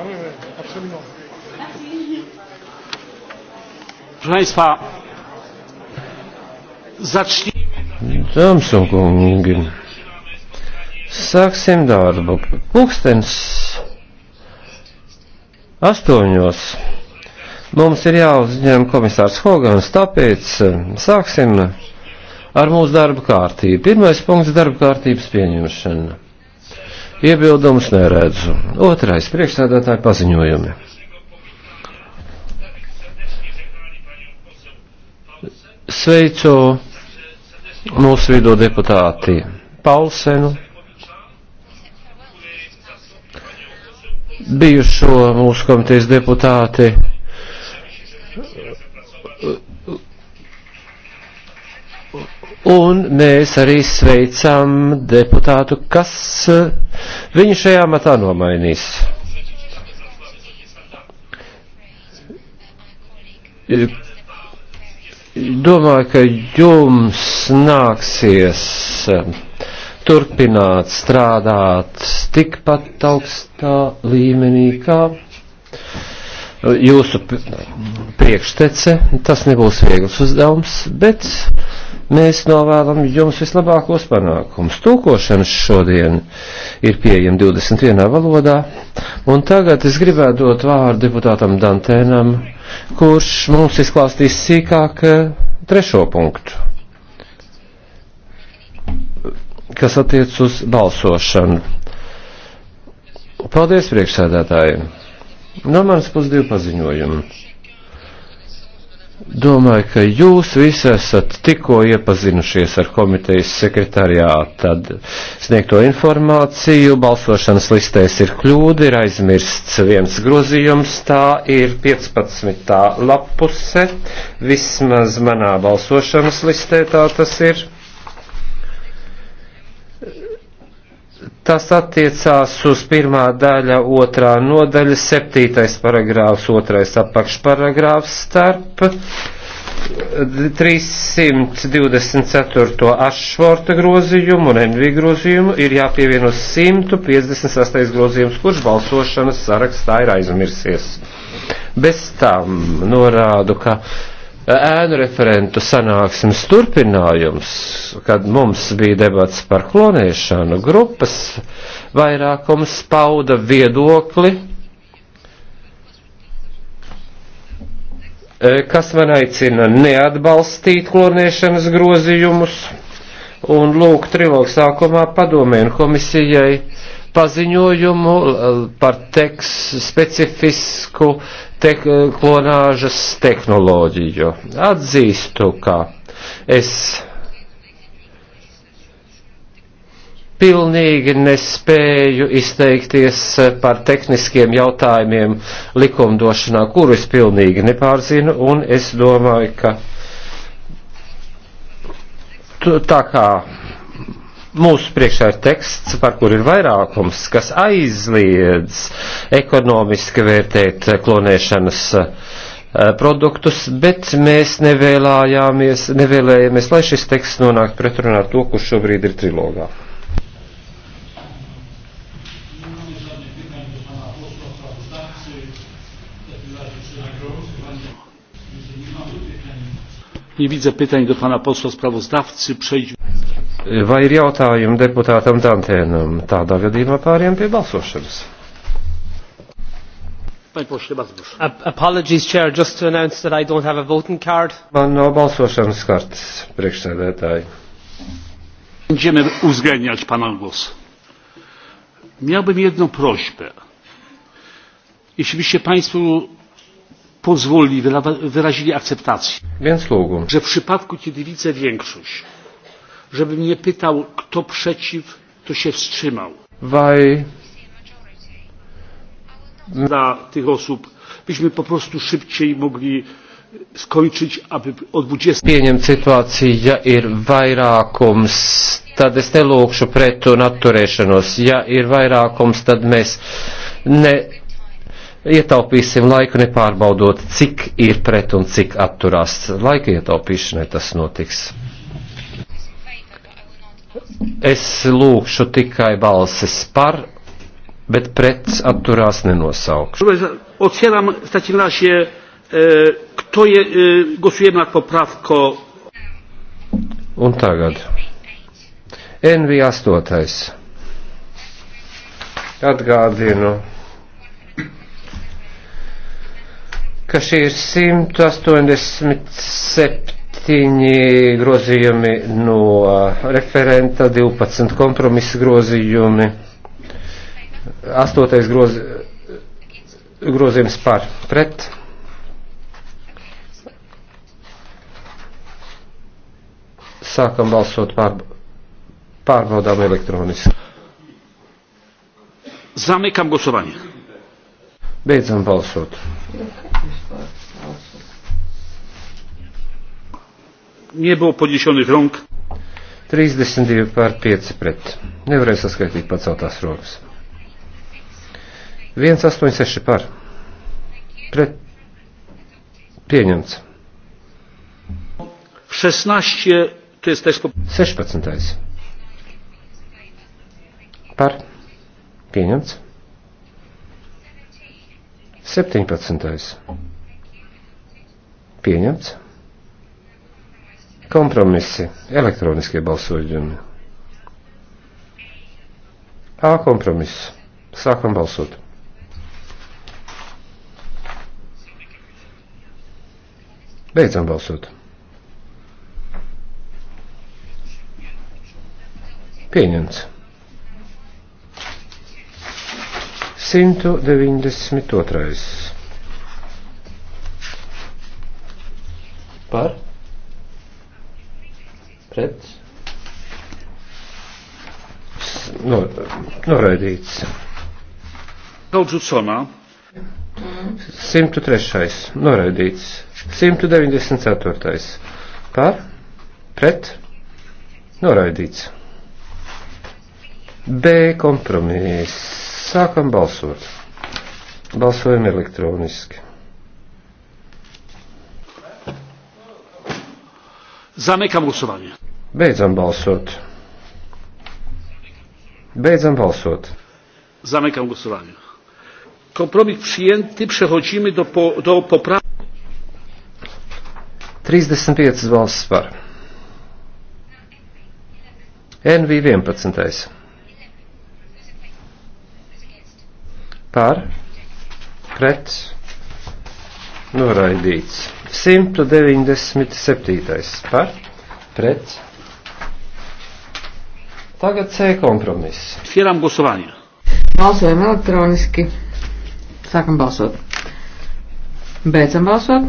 Ah oui, oui, absolument. Merci. Proszę Państwa, zacznijmy. Dāmas un kungi, sāksim darbu. Pūkstens astoņos mums ir jāuzņem komisārs Hogans, tāpēc eh, sāksim ar mūsu darba kārtību. Pirmais punkts - darba kārtības pieņemšana. Iebildumus neredzu. Otrais priekšsēdētāji paziņojumi. Sveicu mūsu vidū deputāti Paulsenu, bijušo mūsu komitejas deputāti Un mēs arī sveicam deputātu, kas eh, viņu šajā matā nomainīs. Eh, domāju, ka jums nāksies eh, turpināt strādāt tikpat augstā līmenī kā jūsu priekštece. Tas nebūs viegls uzdevums, bet Mēs novēlam jums vislabākos panākumus. Tūkošanas šodien ir pieejama 21. valodā, un tagad es gribētu dot vārdu deputātam Dantēnam, kurš mums izklāstīs sīkāk eh, trešo punktu, kas attiec uz balsošanu. Paldies priekšsēdētājiem! No manas puses divi paziņojumi. Domāju, ka jūs visi esat tikko iepazinušies ar komitejas sekretariātu sniegto informāciju. Balsošanas listēs ir kļūda, ir aizmirsts viens grozījums, tā ir 15. lapuse. Vismaz manā balsošanas listē tā tas ir. Tas attiecās uz pirmā daļa, otrā nodaļa, septītais paragrāfs, otrais apakšparagrāfs starp 324. ašvorta grozījumu un envī grozījumu ir jāpievieno 158. grozījums, kurš balsošanas sarakstā ir aizmirsies. Bez tam norādu, ka ēnu referentu sanāksmes turpinājums, kad mums bija debats par klonēšanu, grupas vairākums pauda viedokli, kas man aicina neatbalstīt klonēšanas grozījumus, un lūk, trilogu sākumā padomēn komisijai paziņojumu par teks, specifisku te, klonāžas tehnoloģiju. Atzīstu, ka es pilnīgi nespēju izteikties par tehniskiem jautājumiem likumdošanā, kuru es pilnīgi nepārzinu, un es domāju, ka tā kā mūsu priekšā ir teksts, par kur ir vairākums, kas aizliedz ekonomiski vērtēt klonēšanas eh, produktus, bet mēs nevēlējāmies, nevēlējāmies, lai šis teksts nonāktu pretrunā ar to, kurš šobrīd ir trilogā. Nie widzę pytań do pana posła sprawozdawcy. Przejdźmy. Vai ir jautājumi deputātam Dantēnam? Tādā gadījumā pāriem pie balsošanas. Apologies, Chair, just to announce that I don't have a voting card. Man nav balsošanas kartes, priekšsēdētāji. Będziemy uwzględniać Pana głos. Miałbym jedną prośbę. Jeśli byście Państwo pozwolili, wyrazili akceptację, że w przypadku, kiedy widzę większość, żebym nie pytał, kto przeciw, kto się wstrzymał. Vai... Dla tych osób byśmy po prostu szybciej mogli skończyć, aby o 20. Pieņemt situāciju, ja ir vairākums, tad es nelūkšu pretu un atturēšanos. Ja ir vairākums, tad mēs ne ietaupīsim laiku nepārbaudot, cik ir pret un cik atturās. Laika ietaupīšanai tas notiks. Es lūkšu tikai balsis par, bet pret atturās nenosaukšu. Otwieram w takim razie, e, kto je, e, głosujemy nad poprawką. Un tagad. NV8. Atgādinu, ka šī ir 187. Septiņi grozījumi no referenta, 12 kompromisa grozījumi, astotais groz, grozījums par pret. Sākam balsot pār, pārbaudām elektroniski. Zamykam głosowanie. Beidzam balsot. nie było podniesionych rąk. 32 pār 5 pret. Nevarēja saskaitīt paceltās rokas. 186 pār. Pret. Pieņemts. 16. To jest też... 16. Par. Pieņemts. 17. Pieņemts. Kompromisi. Elektroniskie balsojumi. A kompromiss. Sākam balsot. Beidzam balsot. Pieņemts. 192. Par? pret no, noraidīts. Daudz uzsonā. 103. noraidīts. 194. par pret noraidīts. B kompromiss. Sākam balsot. Balsojam elektroniski. Zamykam głosowanie. Beidzam balsot. Beidzam balsot. Zamykam głosowanie. Kompromis przyjęty. Przechodzimy do, po, do poprawki. 35 balss par. NV 11. Par. Pret noraidīts. 197. par pret. Tagad C kompromiss. Fieram gusovāņu. Balsojam elektroniski. Sākam balsot. Beidzam balsot.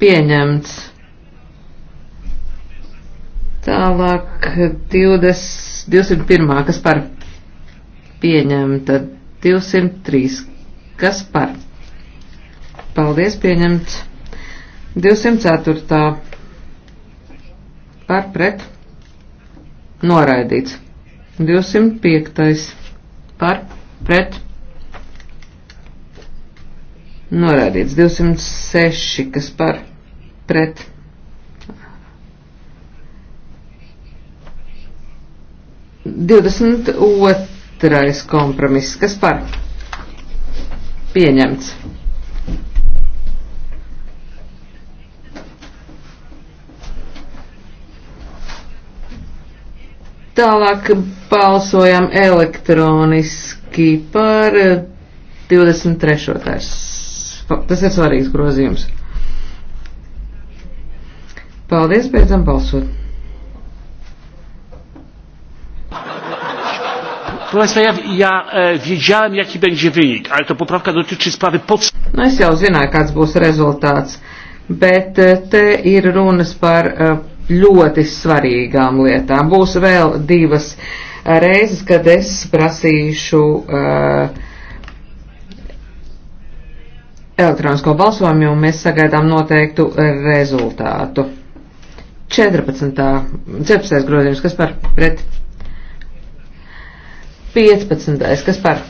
Pieņemts. Tālāk 20, 201. kas par pieņemta 203. Kas par? Paldies, pieņemts 204. Par pret noraidīts. 205. Par pret noraidīts. 206. Kas par pret noraidīts. Divdesmit otru otrais kompromiss. Kas par? Pieņemts. Tālāk balsojam elektroniski par 23. Eh, tas ir svarīgs grozījums. Paldies, beidzam balsot. Proszę Państwa, ja, ja e, wiedziałem, jaki będzie wynik, ale to poprawka dotyczy sprawy pod... Nu, es jau zināju, kāds būs rezultāts, bet e, te ir runas par e, ļoti svarīgām lietām. Būs vēl divas e, reizes, kad es prasīšu uh, elektronisko balsojumu, un mēs sagaidām noteiktu rezultātu. 14. 14. grozījums, kas par pret? 15. kas par?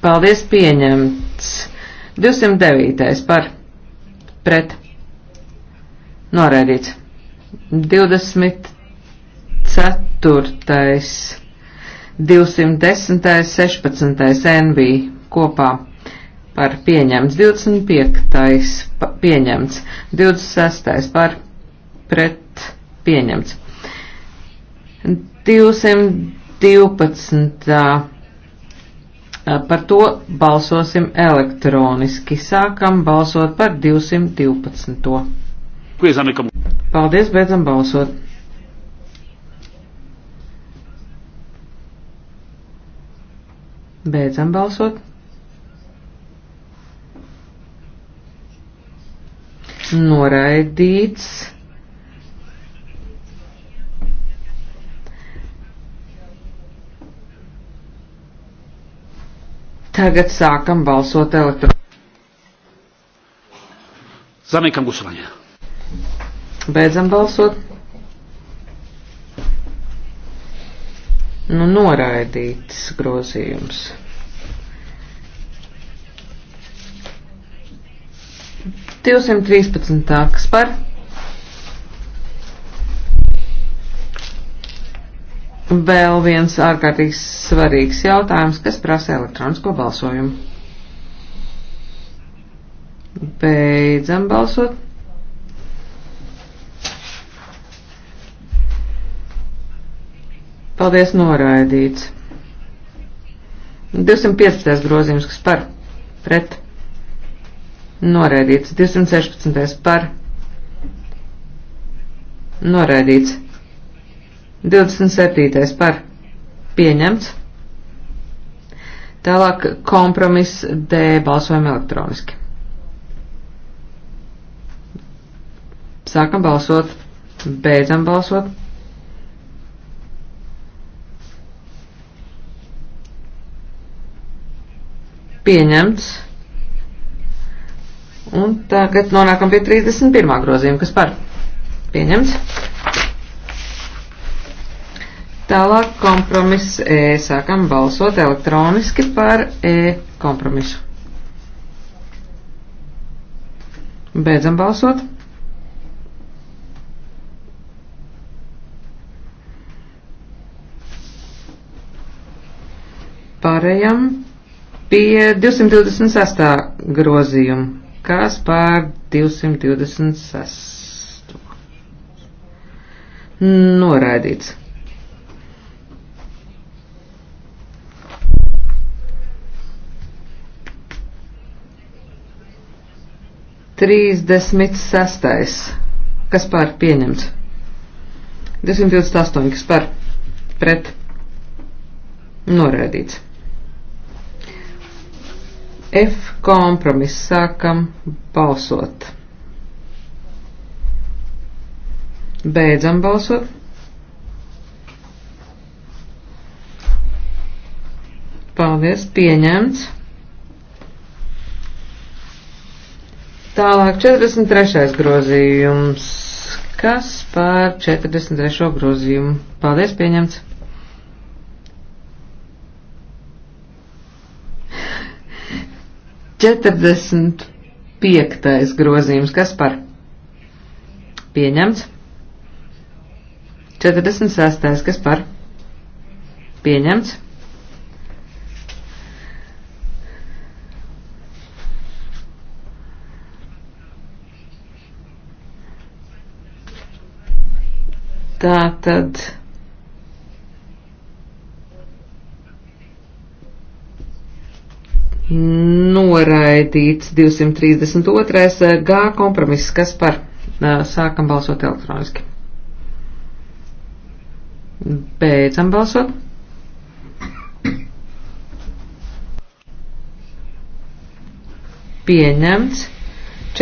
Paldies, pieņemts. 209. par? Pret. Noraidīts. 24. 210. 16. NV kopā par pieņemts. 25. Pa, pieņemts. 26. par? Pret. Pieņemts. 200. 12. Par to balsosim elektroniski. Sākam balsot par 212. Paldies, beidzam balsot. Beidzam balsot. Noraidīts. Tagad sākam balsot elektroniski. Zamykam głosowanie. Beidzam balsot. Nu, noraidīts grozījums. Divsimt trīspadsmitā, kas par? Vēl viens ārkārtīgi svarīgs jautājums, kas prasa elektronisko balsojumu. Beidzam balsot. Paldies, noraidīts. 215. grozījums, kas par pret noraidīts. 216. par noraidīts. 27. par pieņemts. Tālāk kompromiss D balsojam elektroniski. Sākam balsot, beidzam balsot. Pieņemts. Un tagad nonākam pie 31. grozījuma, kas par pieņemts Tālāk kompromiss E. Sākam balsot elektroniski par E kompromisu. Beidzam balsot. Pārējām pie 226. grozījuma. Kas pār 226? Noraidīts. 36. Kas par pieņemts? 228. Kas par pret noraidīts? F kompromiss sākam balsot. Beidzam balsot. Paldies, pieņemts. Tālāk 43. grozījums. Kas pār 43. grozījumu? Paldies, pieņemts. Četrdesmit piektais grozījums, kas par pieņemts. Četrdesmit sastais, kas par pieņemts. Tā tad. Noraidīts 232. Eh, G kompromiss, kas par eh, sākam balsot elektroniski. Beidzam balsot. Pieņemts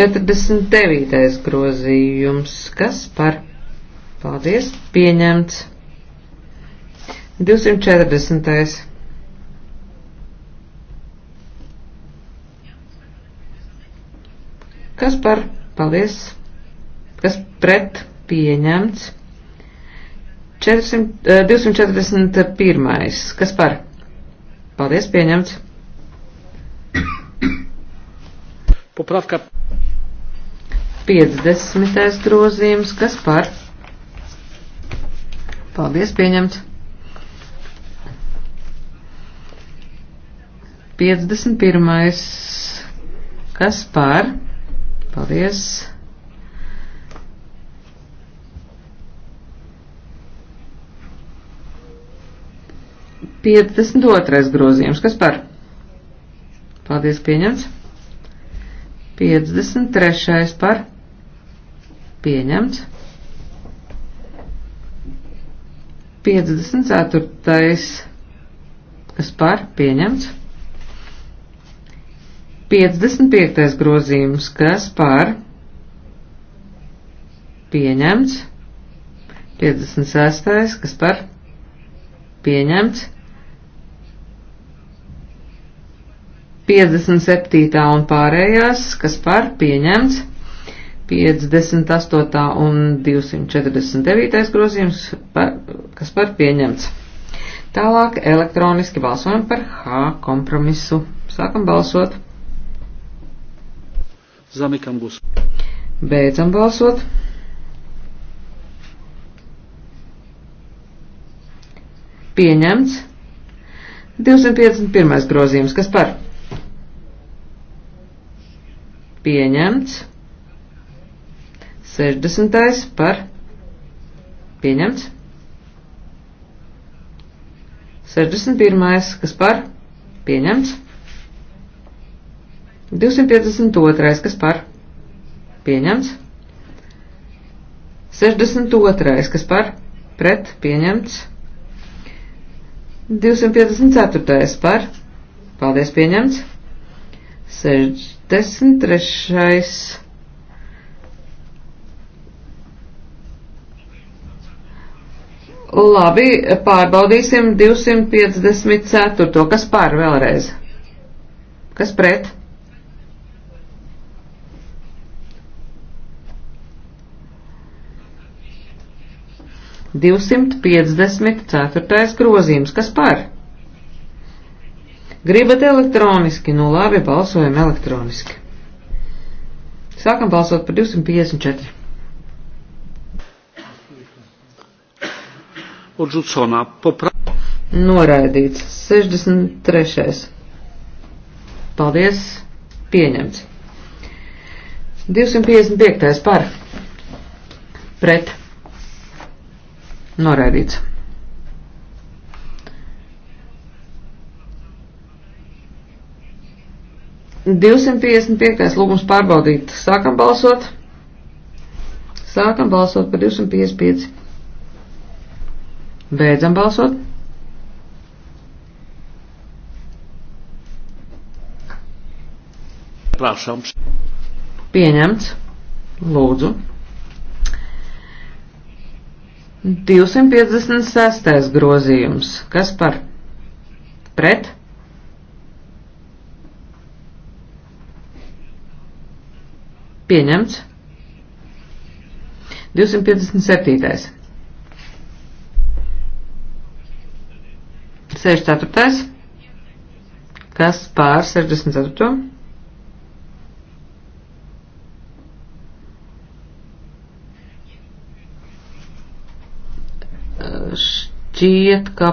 49. grozījums, kas par Paldies, pieņemts. 240. Kas par? Paldies. Kas pret? Pieņemts. 400, 241. Eh, Kas par? Paldies, pieņemts. Popravka. 50. grozījums. Kas par? Paldies, pieņemts. 51. Kas par? Paldies. Piecdesmit otrais grozījums. Kas par? Paldies, pieņemts. Piecdesmit trešais par? Pieņemts. 54. kas par pieņemts. 55. grozījums, kas par pieņemts. 56. kas par pieņemts. 57. un pārējās, kas par pieņemts. 58. un 249. grozījums, par, kas par pieņemts. Tālāk elektroniski balsojam par H kompromisu. Sākam balsot. Zamikam būs. Beidzam balsot. Pieņemts. 251. grozījums, kas par? Pieņemts. 60. par pieņemts. 61. kas par pieņemts. 252. kas par pieņemts. 62. kas par pret pieņemts. 254. par paldies pieņemts. 63. Labi, pārbaudīsim 254. To, kas pār vēlreiz? Kas pret? Divsimt piecdesmit ceturtais grozījums. Kas par? Gribat elektroniski? Nu labi, balsojam elektroniski. Sākam balsot par 254. odrzucona. Popra... Noraidīts. 63. Paldies. Pieņemts. 255. par. Pret. Noraidīts. Divsimt piecdesmit piektais lūgums pārbaudīt. Sākam balsot. Sākam balsot par divsimt piecdesmit pieci. Beidzam balsot. Prāšams. Pieņemts. Lūdzu. 256. grozījums. Kas par? Pret? Pieņemts. 257. 64. Kas pār 64. Šķiet, ka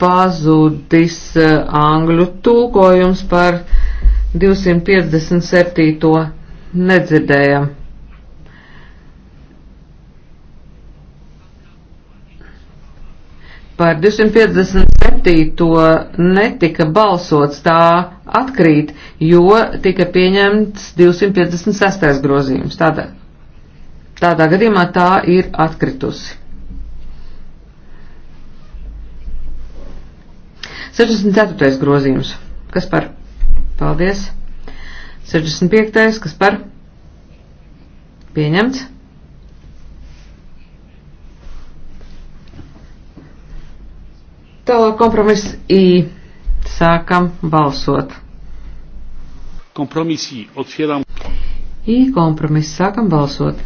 pazudis eh, angļu tūkojums par 257. nedzirdējam. Par 257. netika balsots, tā atkrīt, jo tika pieņemts 256. grozījums. Tādā, tādā gadījumā tā ir atkritusi. 64. grozījums. Kas par? Paldies. 65. kas par? Pieņemts. Tālāk kompromiss I. Sākam balsot. Kompromiss I. Otvieram. I kompromiss. Sākam balsot.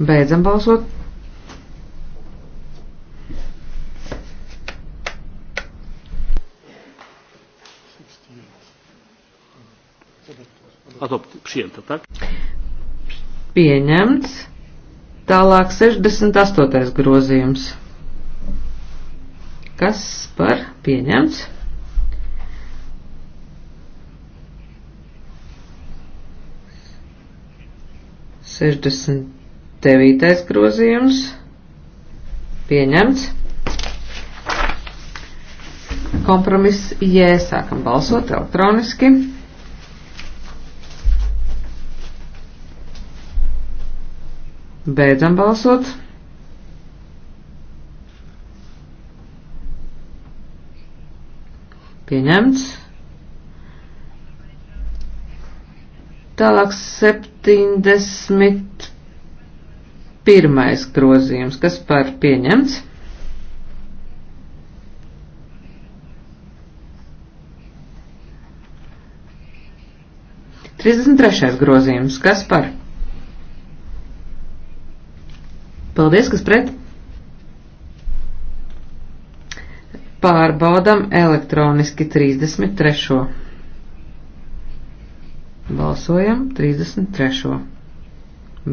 Beidzam balsot. Adopt, przyjęto, tak? Pieņemts. Tālāk 68. grozījums. Kas par pieņemts? Sešdesmit devītais grozījums. Pieņemts. Kompromiss J. Sākam balsot elektroniski. Beidzam balsot. Pieņemts. Tālāk 71. grozījums, kas par pieņemts. Trīsdesmit trešais grozījums, kas par? Paldies, kas pret? Pārbaudam elektroniski 33. Balsojam 33.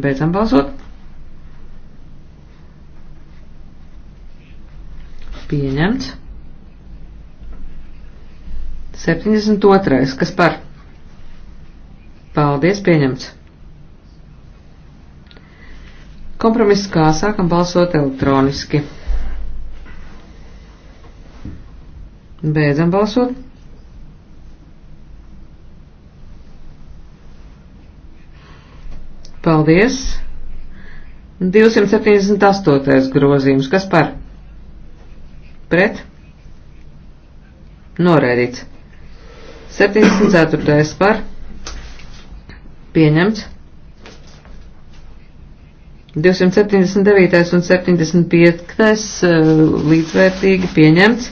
Beidzam balsot. Pieņemts. 72. Kas par? Paldies, pieņemts. Kompromiss kā sākam balsot elektroniski. Beidzam balsot. Paldies. 278. grozījums. Kas par? Pret? Noraidīts. 74. par? Pieņemts. 279. un 75. Eh, līdzvērtīgi pieņemts.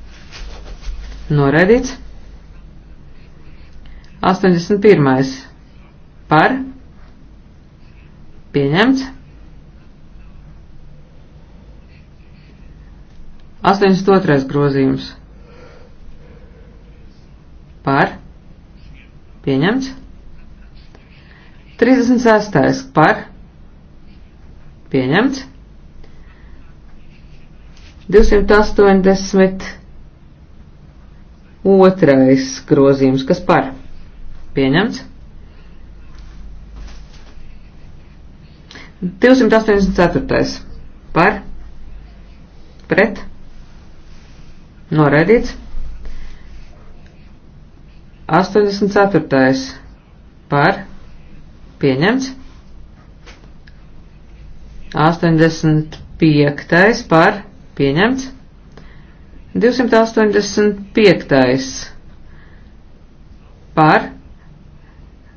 Noraidīts. 81. Par. Pieņemts. 82. grozījums. Par. Pieņemts. 36. Par. Pieņemts. 280. Otrais grozījums, kas par? Pieņemts. 284. par, pret, noraidīts. 84. par, pieņemts. 85. par, pieņemts. 285. par.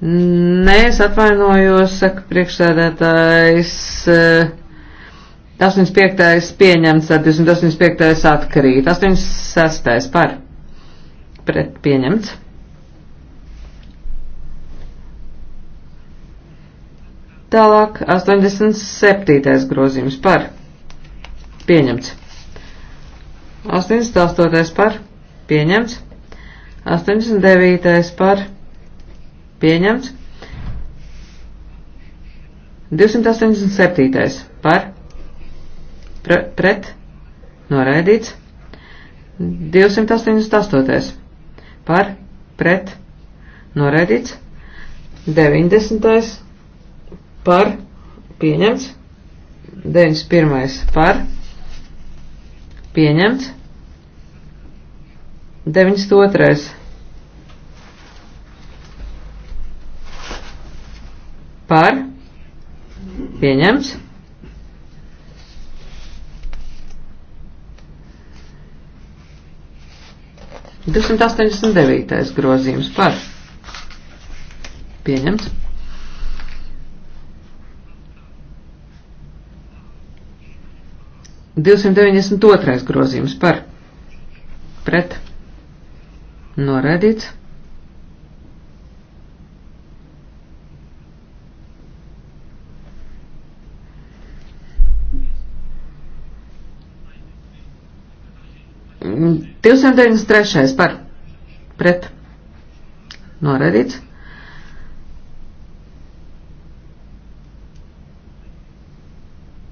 Nē, es atvainojos, saka priekšsēdētājs. 85. Eh, pieņemts, tad 285. atkrīt. 86. par. Pret pieņemts. 87. grozījums par. Pieņemts. 88. par pieņemts. 89. par pieņemts. 287. par pre, pret noraidīts. 288. par pret noraidīts. 90. par pieņemts. 91. par pieņemts Pieņemts. 92. Par. Pieņemts. Divsimt astoņdesmit devītais grozījums par pieņemts. 292. grozījums par pret noraidīts. Divsimt deviņdesmit trešais par pret noraidīts.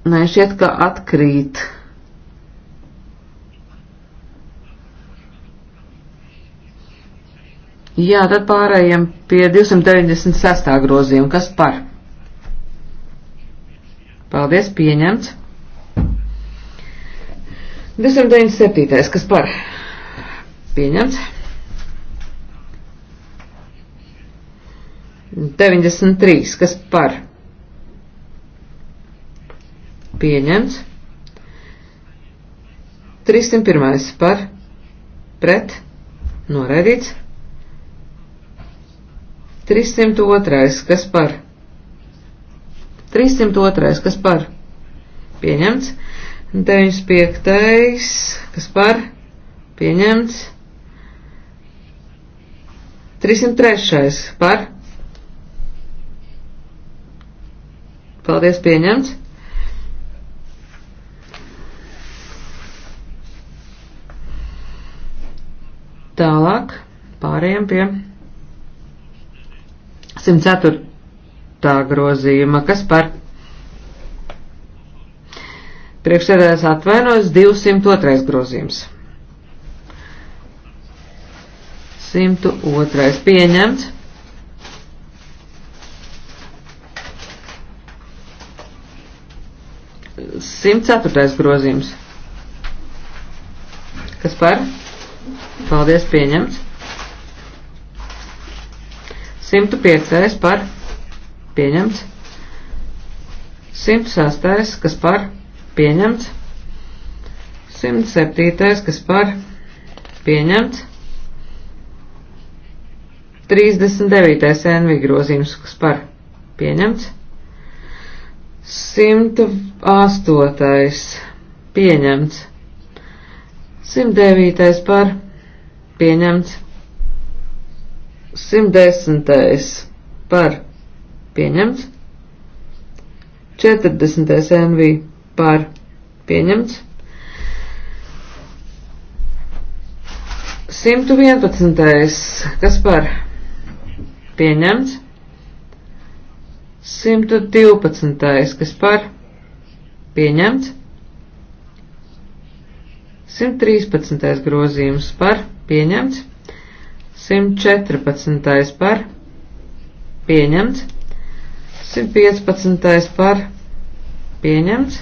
Nē, šķiet, ka atkrīt. Jā, tad pārējiem pie 296. grozījuma. Kas par? Paldies, pieņemts. 297. Kas par? Pieņemts. 93. Kas par? pieņemts. 301. par pret noraidīts. 302. kas par 302. kas par pieņemts. 95. kas par pieņemts. 303. par paldies pieņemts. Tālāk pārējiem pie 104. grozījuma, kas par priekšsēdētājs atvainojas 202. grozījums. 102. pieņemts. Simt ceturtais grozījums. Kas par? Paldies, pieņemts. 105. par pieņemts. 106. kas par pieņemts. 107. kas par pieņemts. 39. NV grozījums, kas par pieņemts. 108. pieņemts. 109. par pieņemts. 110. par pieņemts. 40. NV par pieņemts. 111. kas par pieņemts. 112. kas par pieņemts. 113. grozījums par pieņemts, 114. par, pieņemts, 115. par, pieņemts,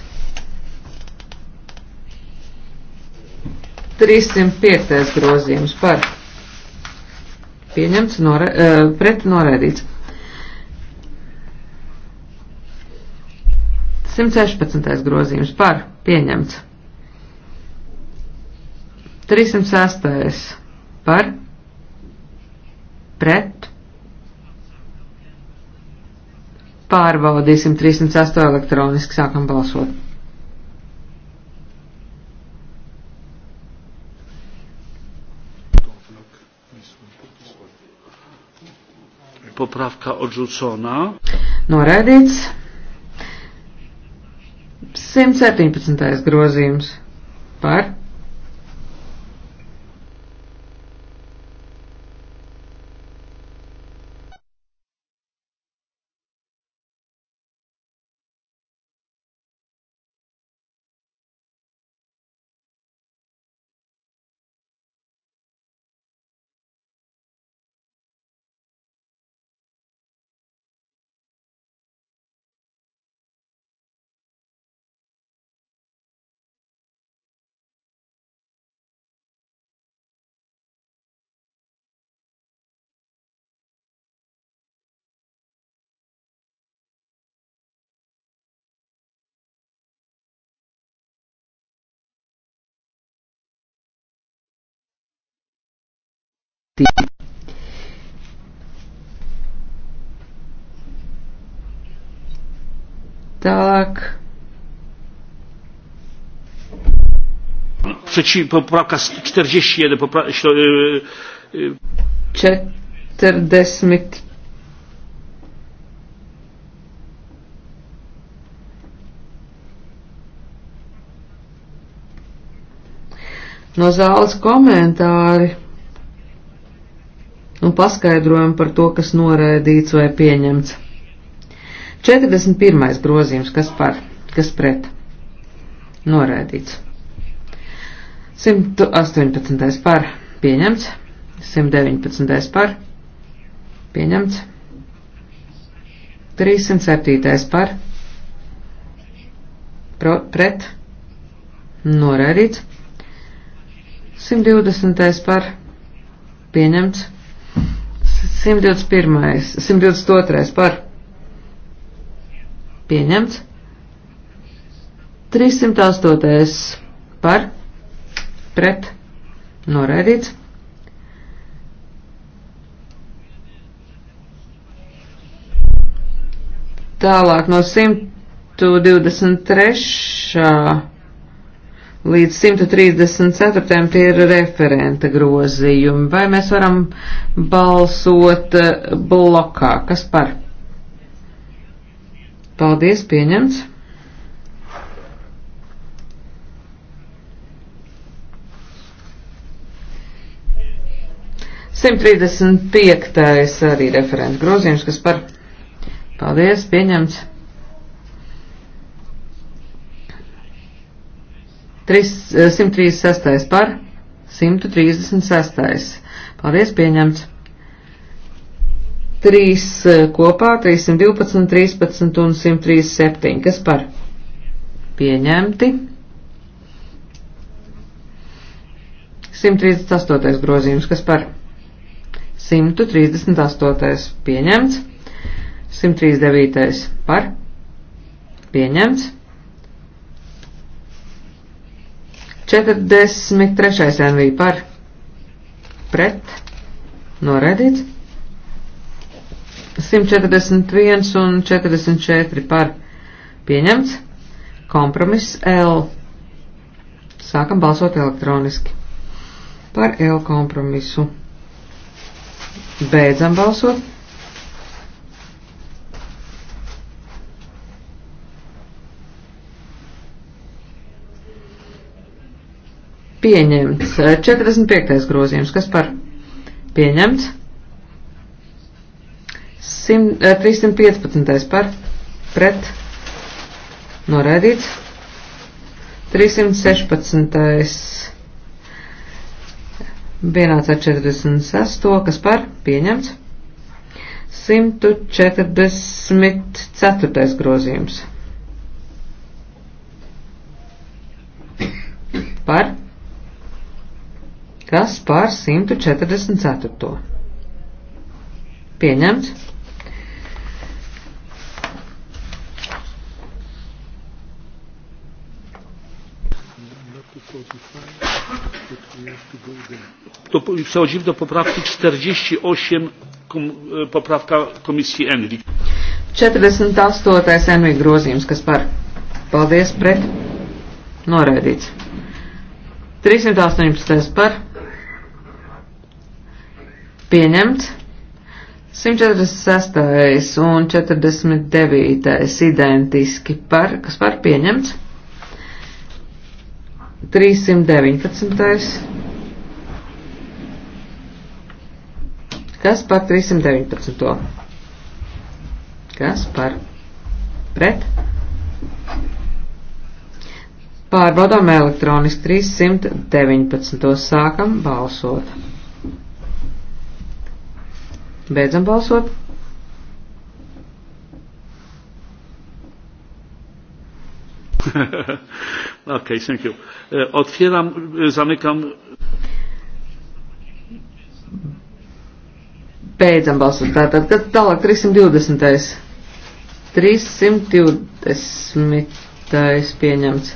305. grozījums par, pieņemts, nore, eh, pret noraidīts. 116. grozījums par pieņemts. 306 par pret pārbaudīsim 308 elektroniski sākam balsot. Poprawka odrzucona. Noraidīts. 117. grozījums par pie. Tālāk. Przeciw, poprawka 41, poprawka... 40. No zāles komentāri un paskaidrojumu par to, kas noraidīts vai pieņemts. 41. grozījums, kas par, kas pret, noraidīts. 118. par, pieņemts. 119. par, pieņemts. 307. par, pro, pret, noraidīts. 120. par, pieņemts. 121. 122. par pieņemts. 308. par pret noraidīts. Tālāk no 123 līdz 134. tie ir referenta grozījumi. Vai mēs varam balsot eh, blokā? Kas par? Paldies, pieņemts. Simt trīsdesmit piektais arī referenta grozījums, kas par. Paldies, pieņemts. 136. Eh, par 136. Paldies, pieņemts. 3 eh, kopā, 312, 13 un 137. Kas par? Pieņemti. 138. grozījums. Kas par? 138. pieņemts. 139. par? Pieņemts. 43. NV par pret noraidīts. 141 un 44 par pieņemts. Kompromiss L. Sākam balsot elektroniski par L kompromisu. Beidzam balsot. Pieņemts. 45. grozījums. Kas par? Pieņemts. 100, 315. par? Pret. Noraidīts. 316. Vienāds ar 46. Kas par? Pieņemts. 144. grozījums. Par? Kas par 144. Pieņemts. Przechodzimy do poprawki 48, e, poprawka komisji Envi. 48. Envi grozījums, kas par paldies pret noraidīts. 318. par Pieņemts. 146. un 49. identiski par, kas par pieņemts. 319. Kas par 319? Kas par pret? Pārbaudām elektroniski 319. Sākam balsot. Beidzam balsot. okay, thank you. E, otwieram, e, zamykam. Beidzam balsot. Tātad, kad tālāk 320. 320. pieņemts.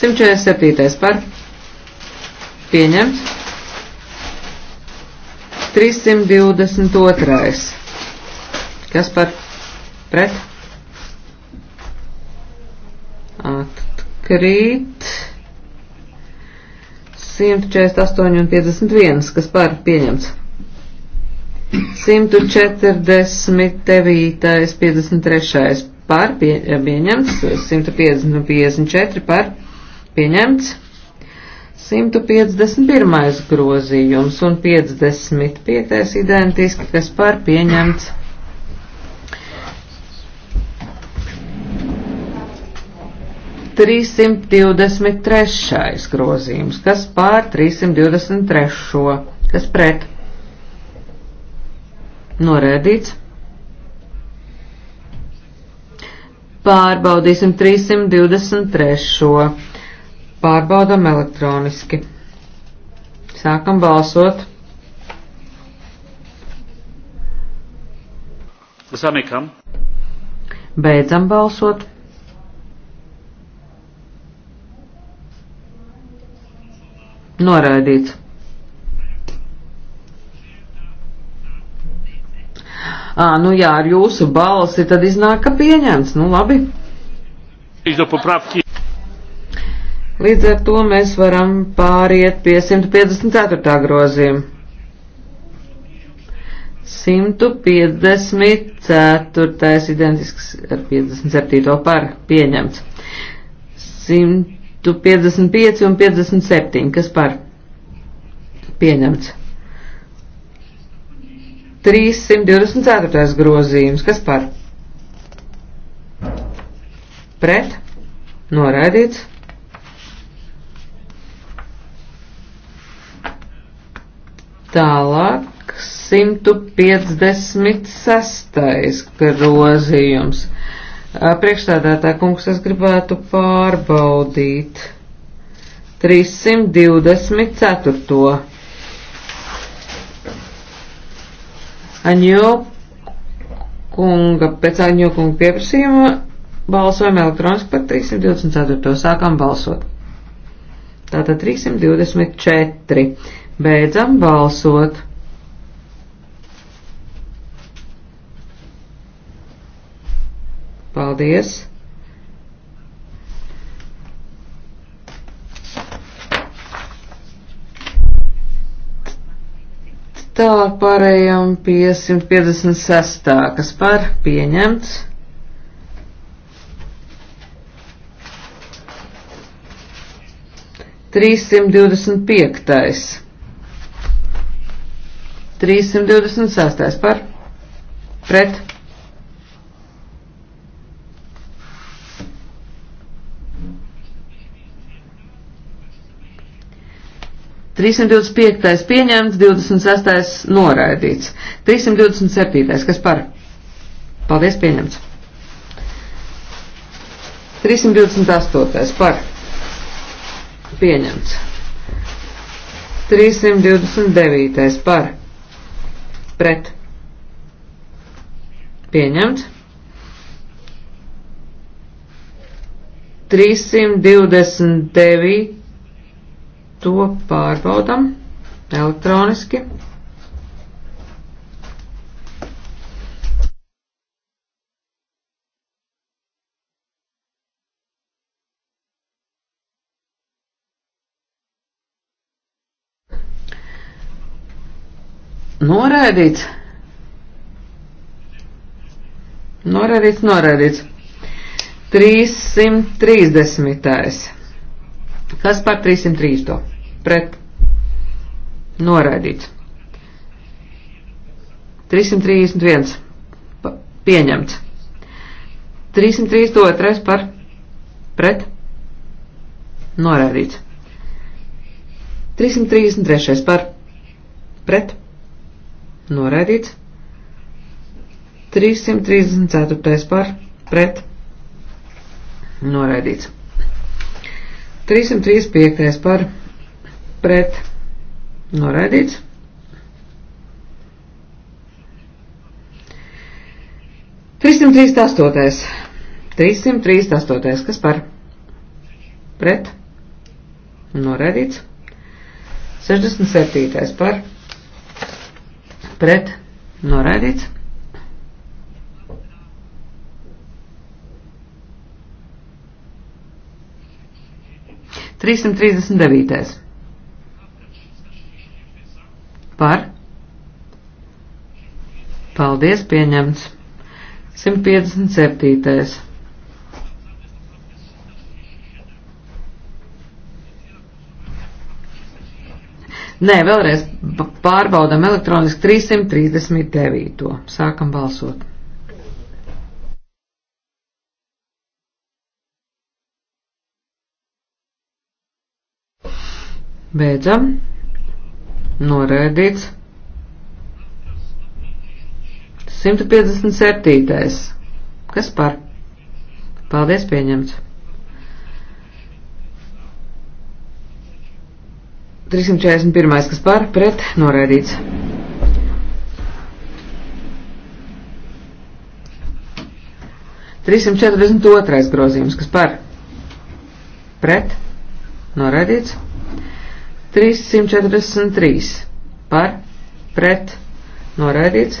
147. par. Pieņemts. 322. Kas par pret? Atkrīt. 148 un 51, kas par pieņemts. 149, 53 par pie, pieņemts, 150 un 54 par pieņemts. 151. grozījums un 55. identiski, kas par pieņemts. Trīsimt divdesmit trešais grozījums, kas pār trīsimt divdesmit trešo, kas pret. Norēdīts. Pārbaudīsim trīsimt divdesmit trešo. Pārbaudam elektroniski. Sākam balsot. Zamekam. Beidzam balsot. Noraidīts. Ā, nu jā, ar jūsu balsi tad iznāk, ka pieņemts. Nu labi. Izdopapāpki. Līdz ar to mēs varam pāriet pie 154. grozījuma. 154. identisks ar 57. par pieņemts. 155 un 57. kas par pieņemts. 324. grozījums. Kas par? Pret? Noraidīts. Tālāk 156. grozījums. Priekšstādātā kungs es gribētu pārbaudīt 324. Aņo kunga, pēc Aņo kunga pieprasījuma balsojam elektroniski par 324. Sākam balsot. Tātad 324 Beidzam balsot. Paldies! Tā pārējām pie 156. kas par pieņemts. Trīssimt divdesmit piektais. 326. par pret Trīsimt divdesmit piektais pieņemts, divdesmit sestais noraidīts. Trīsimt divdesmit septītais, kas par? Paldies, pieņemts. Trīsimt divdesmit astotais, par? Pieņemts. Trīsimt divdesmit devītais, par? pret pieņemts. 329 to pārbaudam elektroniski. Noraidīts. Noraidīts, noraidīts. 330. Kas par 330? Pret. Noraidīts. 331. Pieņemts. 332. par pret. Noraidīts. 333. par pret Noraidīts. 334. par pret. Noraidīts. 335. par pret. Noraidīts. 338. 338. Kas par? Pret. Noraidīts. 67. par pret noraidīts. Trīsimt trīsdesmit devītais. Par. Paldies, pieņemts. 157. Nē, vēlreiz pārbaudam elektroniski 339. Sākam balsot. Beidzam. Noraidīts. 157. Kas par? Paldies, pieņemts. 341. kas par pret noraidīts. Trīsimt četrdesmit otrais grozījums, kas par pret noraidīts. 343 par pret noraidīts.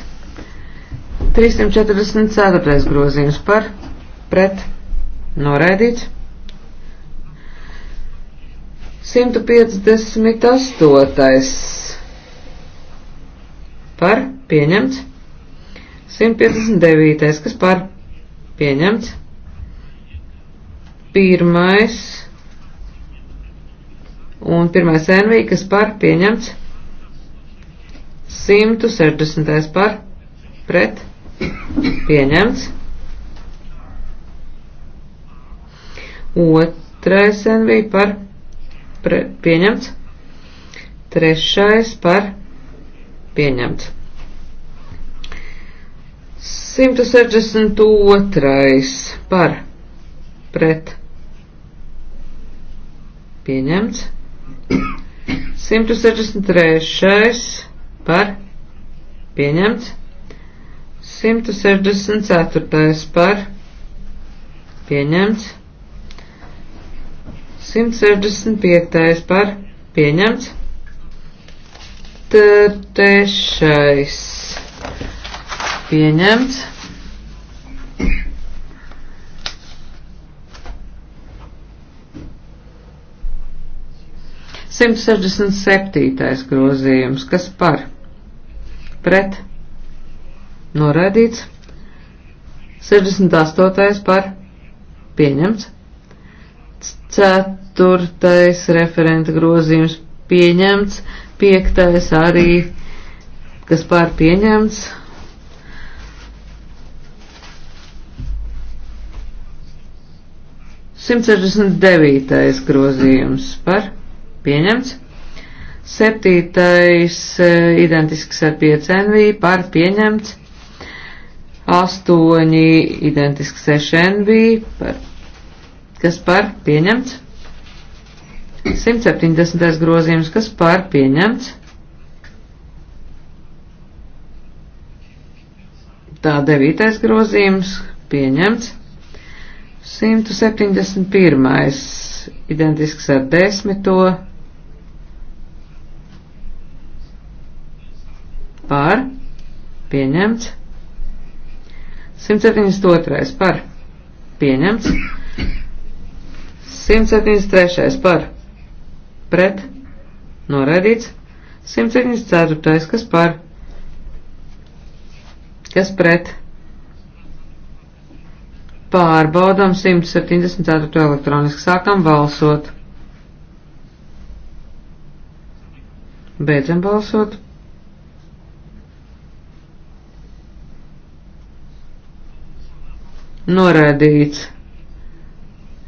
344 grozījums par pret noraidīts. 158. Par pieņemts. 159. Kas par pieņemts? Pirmais. Un pirmais NV, kas par pieņemts. 160. par pret pieņemts. Otrais NV par pieņemts pre, pieņemts. Trešais par pieņemts. 162. par pret pieņemts. 163. par pieņemts. 164. par pieņemts. 165. par pieņemts. Trešais pieņemts. Simt sešdesmit septītais grozījums, kas par pret noraidīts, sešdesmit astotais par pieņemts, Ceturtais referenta grozījums pieņemts, piektais arī, kas pār pieņemts. Simts sešdesmit devītais grozījums par pieņemts. Septītais eh, identisks ar 5 NV par pieņemts. Astoņi identisks 6 NV par kas par pieņemts. 170. grozījums, kas par pieņemts. Tā 9. grozījums pieņemts. 171. identisks ar 10. par pieņemts. 172. par pieņemts. 173. par pret noraidīts. 174. kas par kas pret pārbaudām 174. elektroniski sākam balsot. Beidzam balsot. Noraidīts.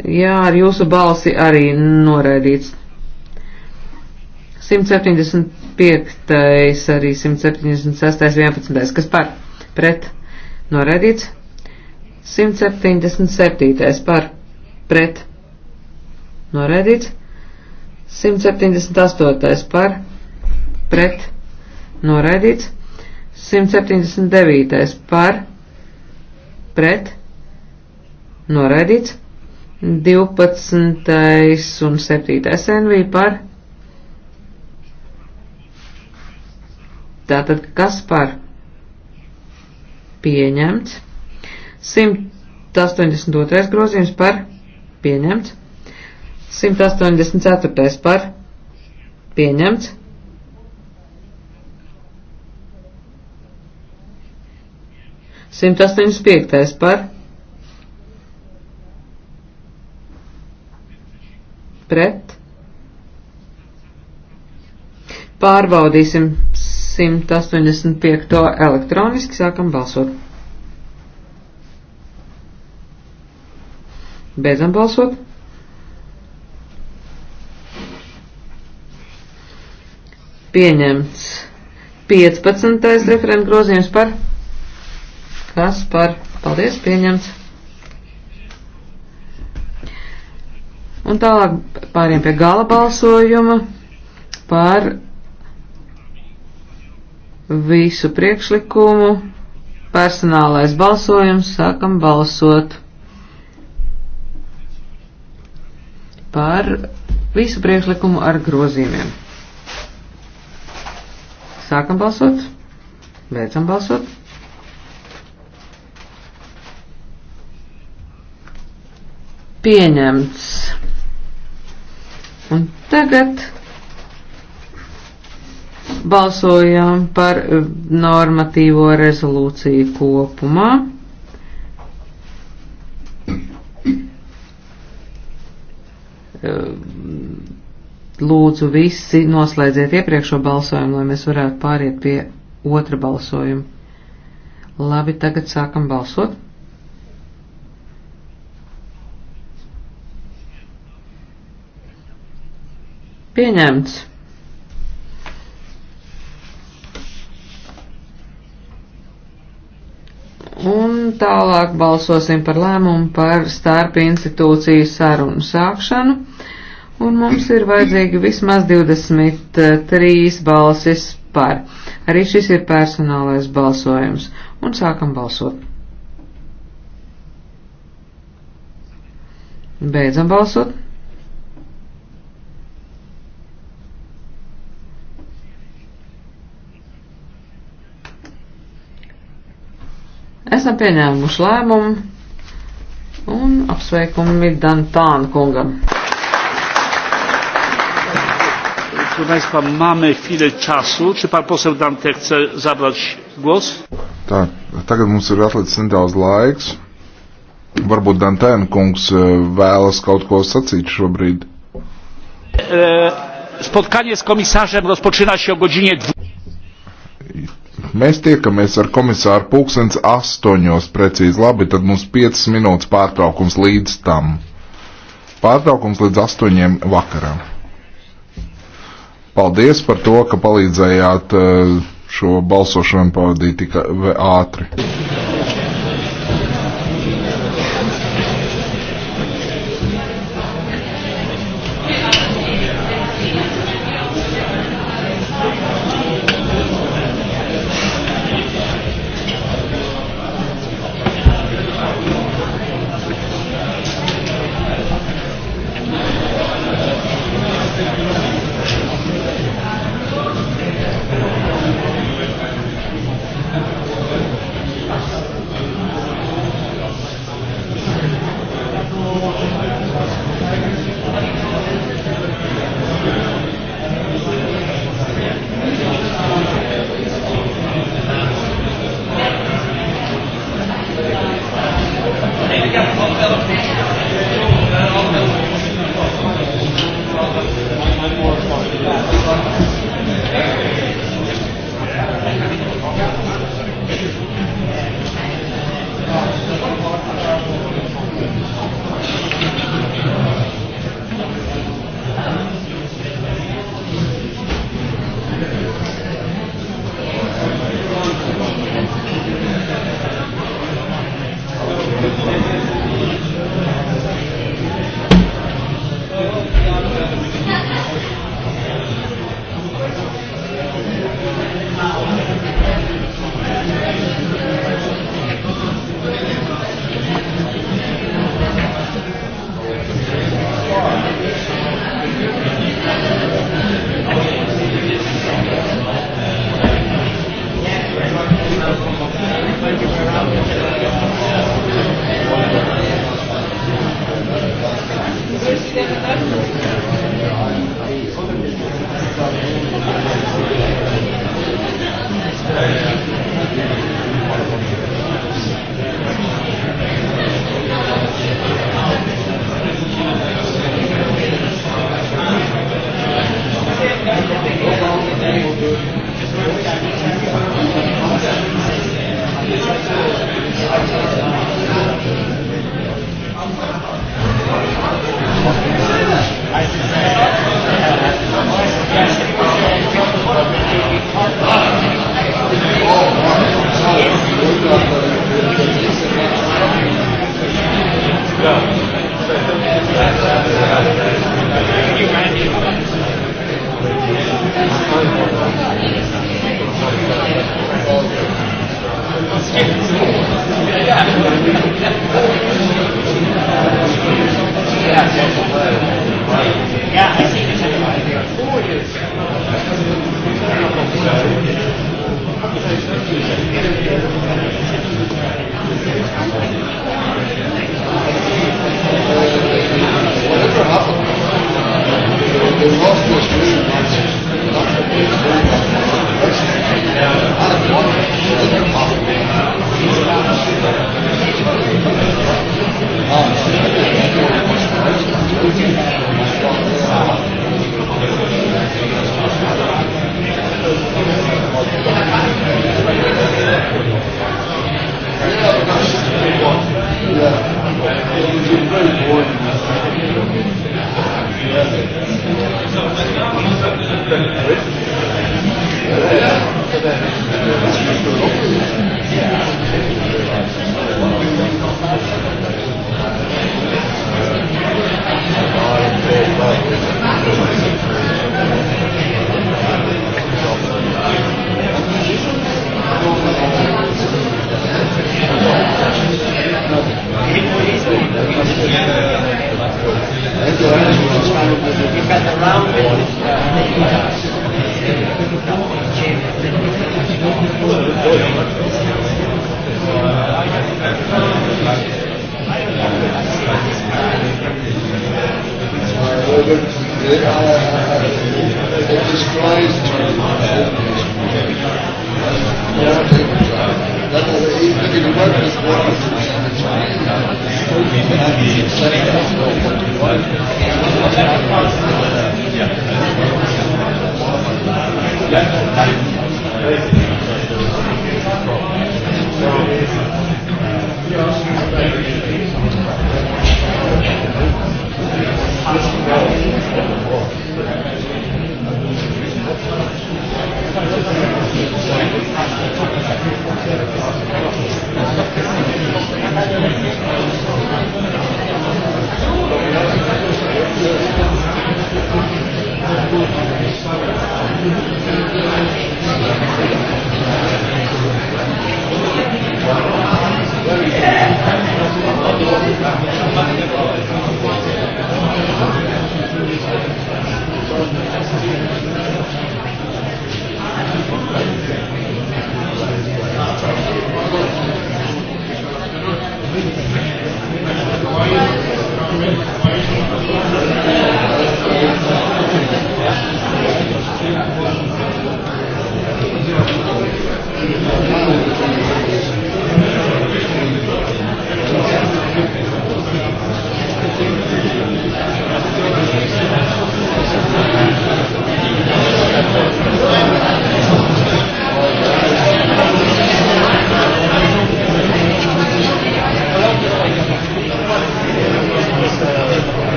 Jā, ar jūsu balsi arī noraidīts. 175. arī 176. 11. kas par? Pret. Noraidīts. 177. par. Pret. Noraidīts. 178. par. Pret. Noraidīts. 179. par. Pret. Noraidīts. 12. un 7. NV par. Tātad kas par pieņemts? 182. grozījums par pieņemts. 184. par pieņemts. Simt astoņdesmit piektais par pret. Pārbaudīsim 185. elektroniski sākam balsot. Beidzam balsot. Pieņemts 15. referenta grozījums par. Kas par? Paldies, pieņemts. Un tālāk pāriem pie gala balsojuma par visu priekšlikumu. Personālais balsojums, sākam balsot par visu priekšlikumu ar grozījumiem. Sākam balsot, beidzam balsot. Pieņemts. Un tagad balsojām par eh, normatīvo rezolūciju kopumā. Eh, lūdzu, visi noslēdziet iepriekšo balsojumu, lai mēs varētu pāriet pie otra balsojuma. Labi, tagad sākam balsot. Pieņemts. Un tālāk balsosim par lēmumu par starp institūciju sarunu sākšanu. Un mums ir vajadzīgi vismaz 23 balsis par. Arī šis ir personālais balsojums. Un sākam balsot. Beidzam balsot. Esam pieņēmuši lēmumu un apsveikumi Dantāna kungam. Proszę Państwa, mamy chwilę czasu. Czy Pan poseł Dante chce zabrać głos? Tak, tagad mums ir atlicis nedaudz laiks. Varbūt Dantēna kungs e, vēlas kaut ko sacīt šobrīd. E, spotkanie z komisarzem rozpoczyna się o godzinie 20. Mēs tiekamies ar komisāru pulkstens astoņos precīzi labi, tad mums piecas minūtes pārtraukums līdz tam. Pārtraukums līdz astoņiem vakaram. Paldies par to, ka palīdzējāt eh, šo balsošanu pavadīt tik ātri.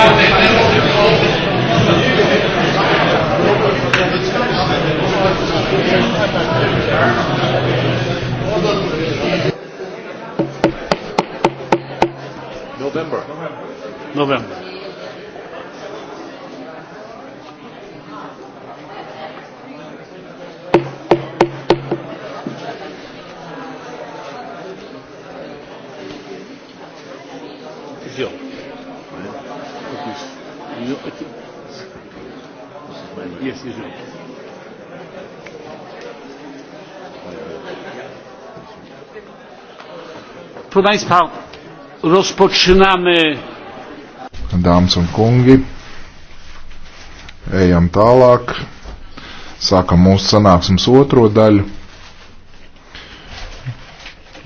Amen. Proszę Państwa, rozpoczynamy. Dāmas un kungi, ejam tālāk. Sākam mūsu sanāksmes otro daļu.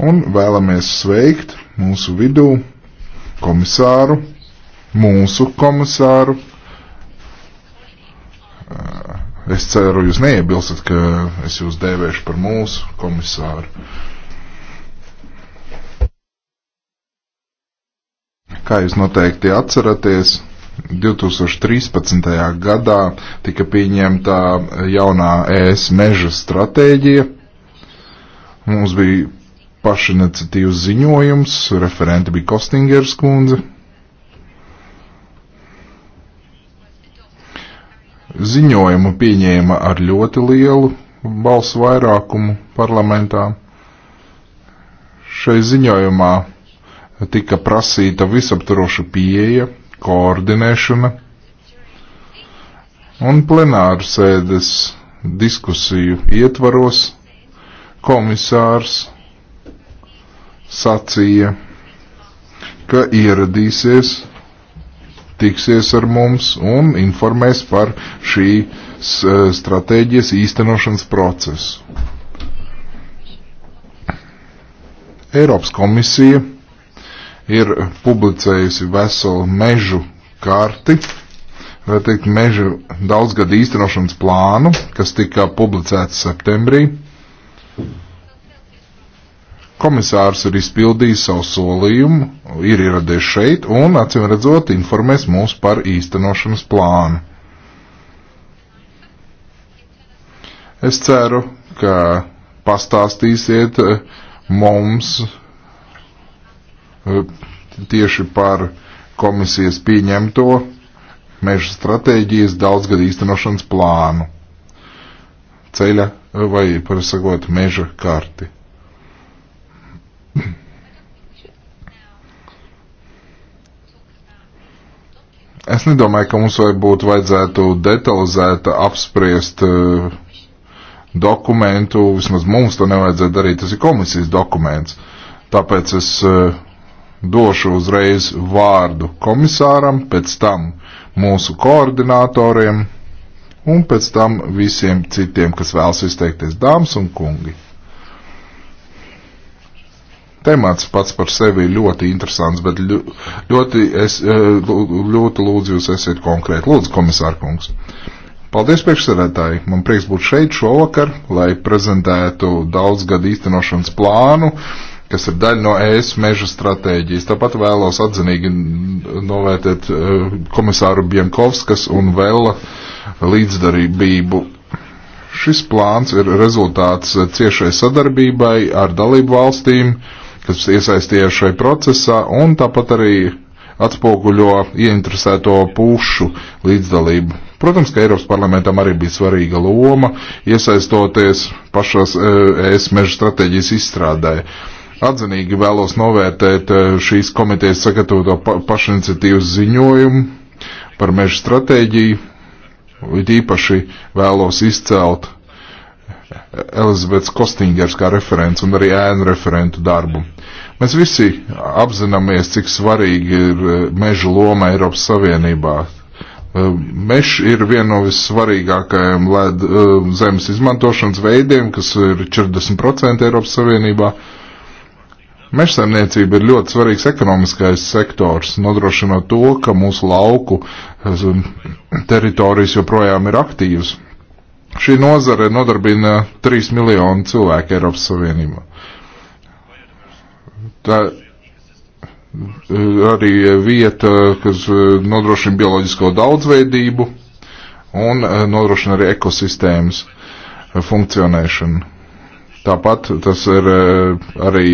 Un vēlamies sveikt mūsu vidū komisāru, mūsu komisāru. Es ceru, jūs neiebilstat, ka es jūs dēvēšu par mūsu komisāru. Kā jūs noteikti atceraties, 2013. gadā tika pieņemta jaunā ES meža stratēģija. Mums bija pašiniciatīvas ziņojums, referenti bija Kostingers kundze. Ziņojumu pieņēma ar ļoti lielu balsu vairākumu parlamentā. Šai ziņojumā tika prasīta visaptvaroša pieeja, koordinēšana un plenāru sēdes diskusiju ietvaros komisārs sacīja, ka ieradīsies, tiksies ar mums un informēs par šī stratēģijas īstenošanas procesu. Eiropas komisija ir publicējusi veselu mežu karti, vai teikt, mežu daudzgadu īstenošanas plānu, kas tika publicēts septembrī. Komisārs ir izpildījis savu solījumu, ir ieradies šeit un, acīm redzot, informēs mūs par īstenošanas plānu. Es ceru, ka pastāstīsiet mums Eh, tieši par komisijas pieņemto meža stratēģijas daudzgadu īstenošanas plānu, ceļa eh, vai, parasakot, meža karti. Es nedomāju, ka mums vajag būtu vajadzētu detalizēta apspriest uh, dokumentu, vismaz mums to nevajadzētu darīt, tas ir komisijas dokuments. Tāpēc es uh, došu uzreiz vārdu komisāram, pēc tam mūsu koordinatoriem un pēc tam visiem citiem, kas vēlas izteikties, dāmas un kungi. Temats pats par sevi ir ļoti interesants, bet ļoti, es, eh, ļoti lūdzu jūs esiet konkrēti. Lūdzu, komisārkungs. Paldies priekšsēdētāji. Man prieks būt šeit šovakar, lai prezentētu daudzgadu īstenošanas plānu kas ir daļa no ES meža stratēģijas. Tāpat vēlos atzinīgi novērtēt eh, komisāru Bienkovskas un Vela līdzdarībību. Šis plāns ir rezultāts eh, ciešai sadarbībai ar dalību valstīm, kas iesaistījās šai procesā, un tāpat arī atspoguļo ieinteresēto pušu līdzdalību. Protams, ka Eiropas parlamentam arī bija svarīga loma, iesaistoties pašās ES eh, meža stratēģijas izstrādē. Uh, Atzinīgi vēlos novērtēt eh, šīs komitejas sagatavoto pa pašiniciatīvas ziņojumu par meža stratēģiju. It īpaši vēlos izcelt eh, Elizabetes Kostingers kā referents un arī ēnu referentu darbu. Mēs visi apzināmies, cik svarīgi ir eh, meža loma Eiropas Savienībā. Mešs ir viena no vissvarīgākajiem led, zemes izmantošanas veidiem, kas ir 40% Eiropas Savienībā. Uh, Mežsaimniecība ir ļoti svarīgs ekonomiskais sektors, nodrošinot to, ka mūsu lauku eh, teritorijas joprojām ir aktīvas. Šī nozare nodarbina 3 miljonu cilvēku Eiropas Savienībā. Tā eh, arī vieta, kas eh, nodrošina bioloģisko daudzveidību un nodrošina arī ekosistēmas funkcionēšanu. Tāpat tas ir arī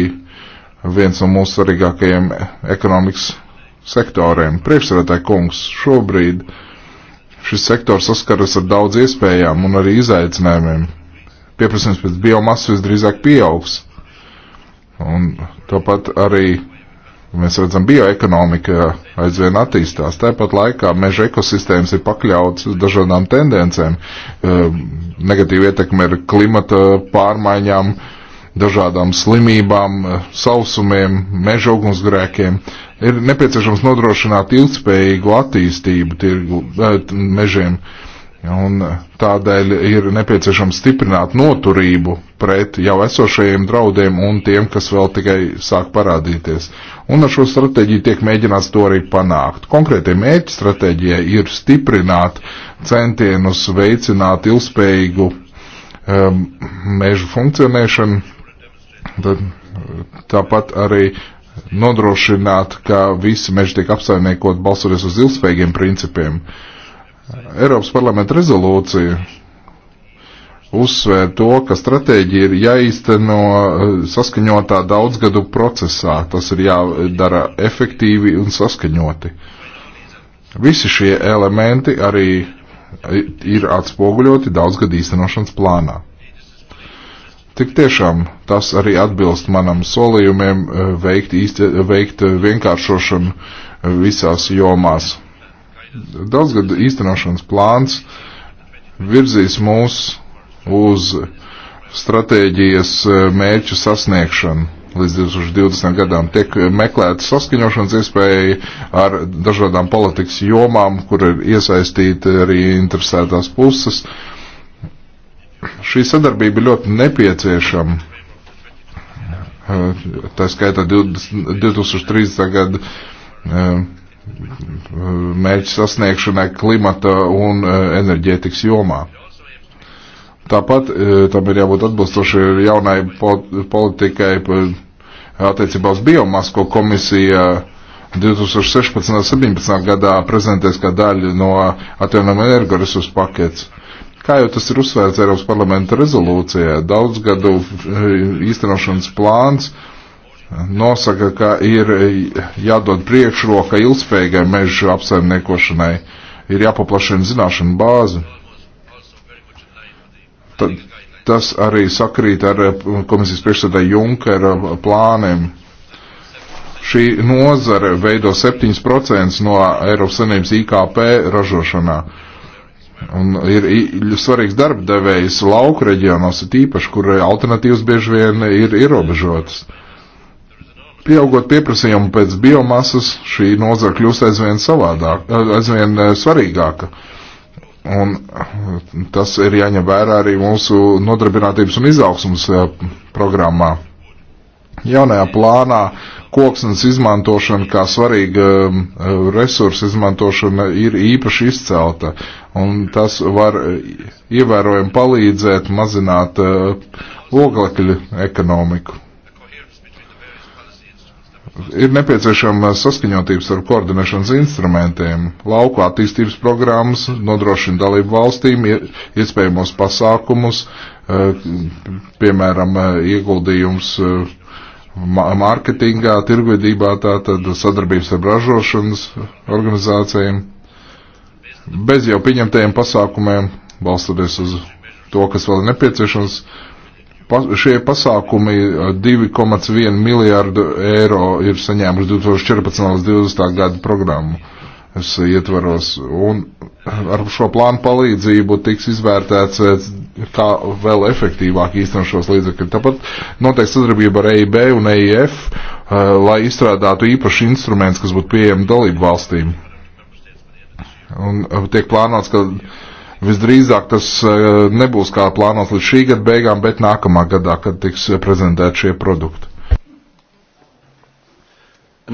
viens no mūsu svarīgākajiem ekonomikas sektoriem. Priekšsēdētāji kungs, šobrīd šis sektors saskaras ar daudz iespējām un arī izaicinājumiem. Pieprasījums pēc biomasas visdrīzāk pieaugs. Un tāpat arī mēs redzam, bioekonomika aizvien attīstās. Tāpat laikā meža ekosistēmas ir pakļautas dažādām tendencēm. Ehm, Negatīva ietekme ir klimata pārmaiņām, uh, dažādām slimībām, sausumiem, meža ugunsgrēkiem. Ir nepieciešams nodrošināt ilgspējīgu attīstību tirgu, eh, mežiem, un tādēļ ir nepieciešams stiprināt noturību pret jau esošajiem draudiem un tiem, kas vēl tikai sāk parādīties. Un ar šo stratēģiju tiek mēģināts to arī panākt. Konkrētie mērķi stratēģijai ir stiprināt centienus veicināt ilgspējīgu um, mežu funkcionēšanu Tad, eh, tāpat arī nodrošināt, ka visi meži tiek apsaimniekot balsoties uz ilgspējīgiem principiem. Eiropas parlamenta rezolūcija uzsvēra to, ka stratēģija ir jāīsteno eh, saskaņotā daudzgadu procesā. Tas ir jādara efektīvi un saskaņoti. Visi šie elementi arī ir atspoguļoti daudzgadu īstenošanas plānā. Tik tiešām tas arī atbilst manam solījumiem eh, veikt, īsti, veikt eh, vienkāršošanu eh, visās jomās. Daudzgadu īstenošanas plāns virzīs mūs uz stratēģijas mērķu sasniegšanu līdz 2020. gadām. Tiek meklēta saskaņošanas iespēja ar dažādām politikas jomām, kur ir iesaistīti arī interesētās puses. Uh, Šī sadarbība ļoti nepieciešama. Tā skaitā 2030. gada eh, mērķu sasniegšanai klimata un eh, enerģētikas jomā. Tāpat eh, tam ir jābūt atbilstoši jaunai politikai attiecībā uz biomasu, ko komisija 2016. un 2017. gadā prezentēs kā daļu no atjaunojuma energoresursu paketes. Kā jau tas ir uzsvērts Eiropas parlamenta rezolūcijā, daudzgadu eh, īstenošanas plāns nosaka, ka ir eh, jādod priekšroka ilgspējīgai mežu apsaimniekošanai, ir jāpaplašina zināšanu bāzi. Tad, tas arī sakrīt ar eh, komisijas priekšsēdēju Junkera plāniem šī nozare veido 7% no Eiropas Savienības IKP ražošanā. Un ir svarīgs darba devējs lauku reģionos, tīpaši, kur alternatīvas bieži vien ir ierobežotas. Pieaugot pieprasījumu pēc biomasas, šī nozara kļūst aizvien savādāk, aizvien e, svarīgāka. Un e, tas ir jāņem vērā arī mūsu nodarbinātības un izaugsmas e, programmā. Jaunajā plānā koksnes izmantošana kā svarīga um, resursa izmantošana ir īpaši izcelta, un tas var uh, ievērojami palīdzēt mazināt uh, oglekļu ekonomiku. Ir nepieciešama saskaņotības ar koordinēšanas instrumentiem. Lauku attīstības programmas nodrošina dalību valstīm iespējamos pasākumus, uh, piemēram, ieguldījums mārketingā, tirgvedībā, tātad sadarbības ar ražošanas organizācijām, bez jau pieņemtajiem pasākumiem, balstoties uz to, kas vēl ir nepieciešams. Pa, šie pasākumi 2,1 miljārdu eiro ir saņēmuši 2014. līdz 2020. gada programmu ietvaros. Un ar šo plānu palīdzību tiks izvērtēts, eh, kā vēl efektīvāk īstenot šos līdzekļus. Tāpat noteikti sadarbība ar EIB un EIF, eh, lai izstrādātu īpašu instrumentus, kas būtu pieejami dalību valstīm. Un eh, tiek plānots, ka visdrīzāk tas nebūs kā plānots līdz šī gada beigām, bet nākamā gadā, kad tiks prezentēti šie produkti. E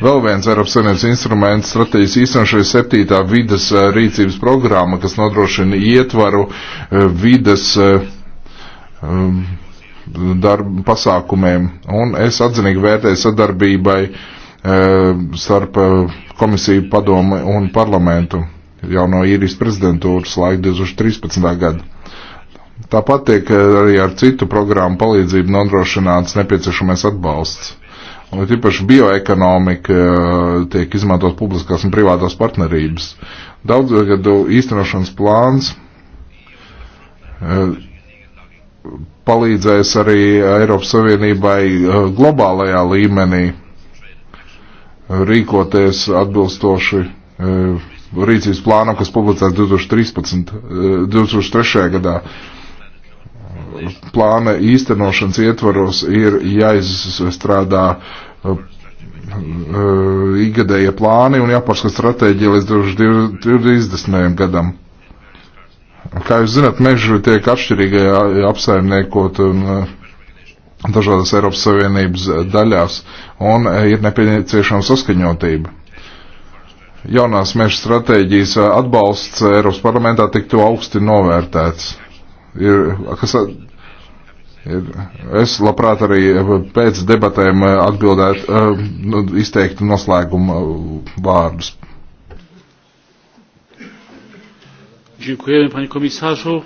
Vēl viens Eiropas Savienības instruments strateģijas īstenošai septītā vidas eh, rīcības programma, kas nodrošina ietvaru eh, vidas eh, um, darba pasākumiem. Un es atzinīgi vērtēju sadarbībai starp komisiju padomu un parlamentu jau no īrijas prezidentūras laika 2013. gada. Tāpat tiek arī ar citu programmu palīdzību nodrošināts nepieciešamais atbalsts Un tīpaši bioekonomika eh, tiek izmantot publiskās un privātās partnerības. Daudzgadu eh, uh, īstenošanas plāns eh, palīdzēs arī Eiropas Savienībai globālajā līmenī rīkoties atbilstoši rīcības plānam, kas publicēts 2013, 2003. gadā plāna īstenošanas ietvaros ir jāizstrādā uh, uh, ikgadēja plāni un jāpārskata stratēģija līdz 2020. gadam. Kā jūs zināt, meži tiek atšķirīgi apsaimniekot un uh, dažādas Eiropas Savienības daļās, un ir nepieciešama saskaņotība jaunās meža stratēģijas atbalsts Eiropas parlamentā tiktu augsti novērtēts. Ir, kas Es labprāt arī eh, pēc debatēm eh, atbildētu, eh, nu, izteikt noslēguma vārdus. Dziękujemy, panie komisarzu.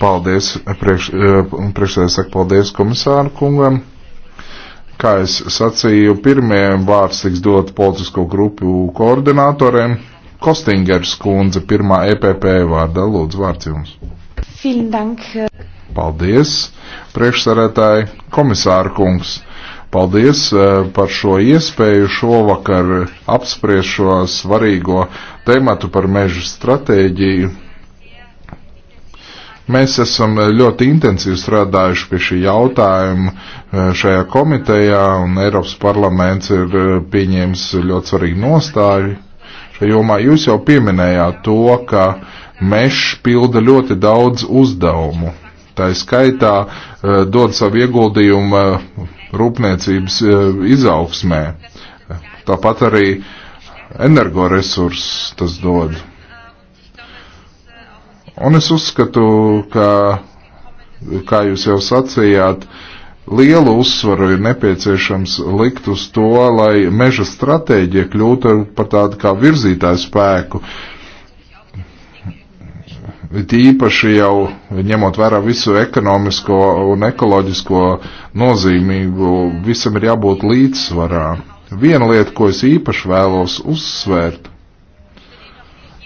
Paldies, priekš, priekšsēdētāj saka paldies komisāru kungam. Kā es sacīju, pirmie vārds tiks dot politisko grupu koordinatoriem. Kostingers kundze, pirmā EPP vārda, lūdzu vārds jums. Vielen Dank. Paldies, priekšsarētāji, komisāra kungs. Paldies eh, par šo iespēju šovakar apspriest šo svarīgo tematu par mežu stratēģiju. Mēs esam ļoti intensīvi strādājuši pie šī jautājuma eh, šajā komitejā, un Eiropas parlaments ir eh, pieņēmis ļoti svarīgu nostāju šajā jomā. Jūs jau pieminējāt to, ka mežs pilda ļoti daudz uzdevumu Tā skaitā eh, dod savu ieguldījumu eh, rūpniecības eh, izaugsmē. Tāpat arī energoresursus tas dod. Un es uzskatu, ka, kā jūs jau sacījāt, lielu uzsvaru ir nepieciešams likt uz to, lai meža stratēģija kļūtu par tādu kā virzītāju spēku uh, Tīpaši jau ņemot vērā visu ekonomisko un ekoloģisko nozīmību, visam ir jābūt līdzsvarā. Viena lieta, ko es īpaši vēlos uzsvērt,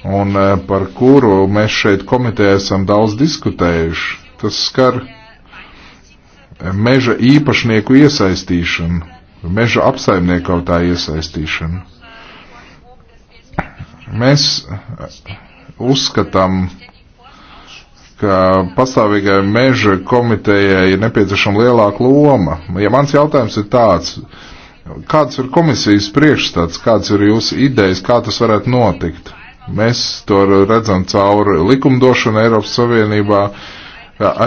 un eh, par kuru mēs šeit komitē esam daudz diskutējuši, tas skar eh, meža īpašnieku iesaistīšanu, meža apsaimniekautāju iesaistīšanu. Mēs eh, uzskatām, ka pastāvīgai meža komitejai ir nepieciešama lielāka loma. Ja mans jautājums ir tāds, kāds ir komisijas priekšstats, kāds ir jūsu idejas, kā tas varētu notikt? Mēs to redzam cauri likumdošanu Eiropas Savienībā,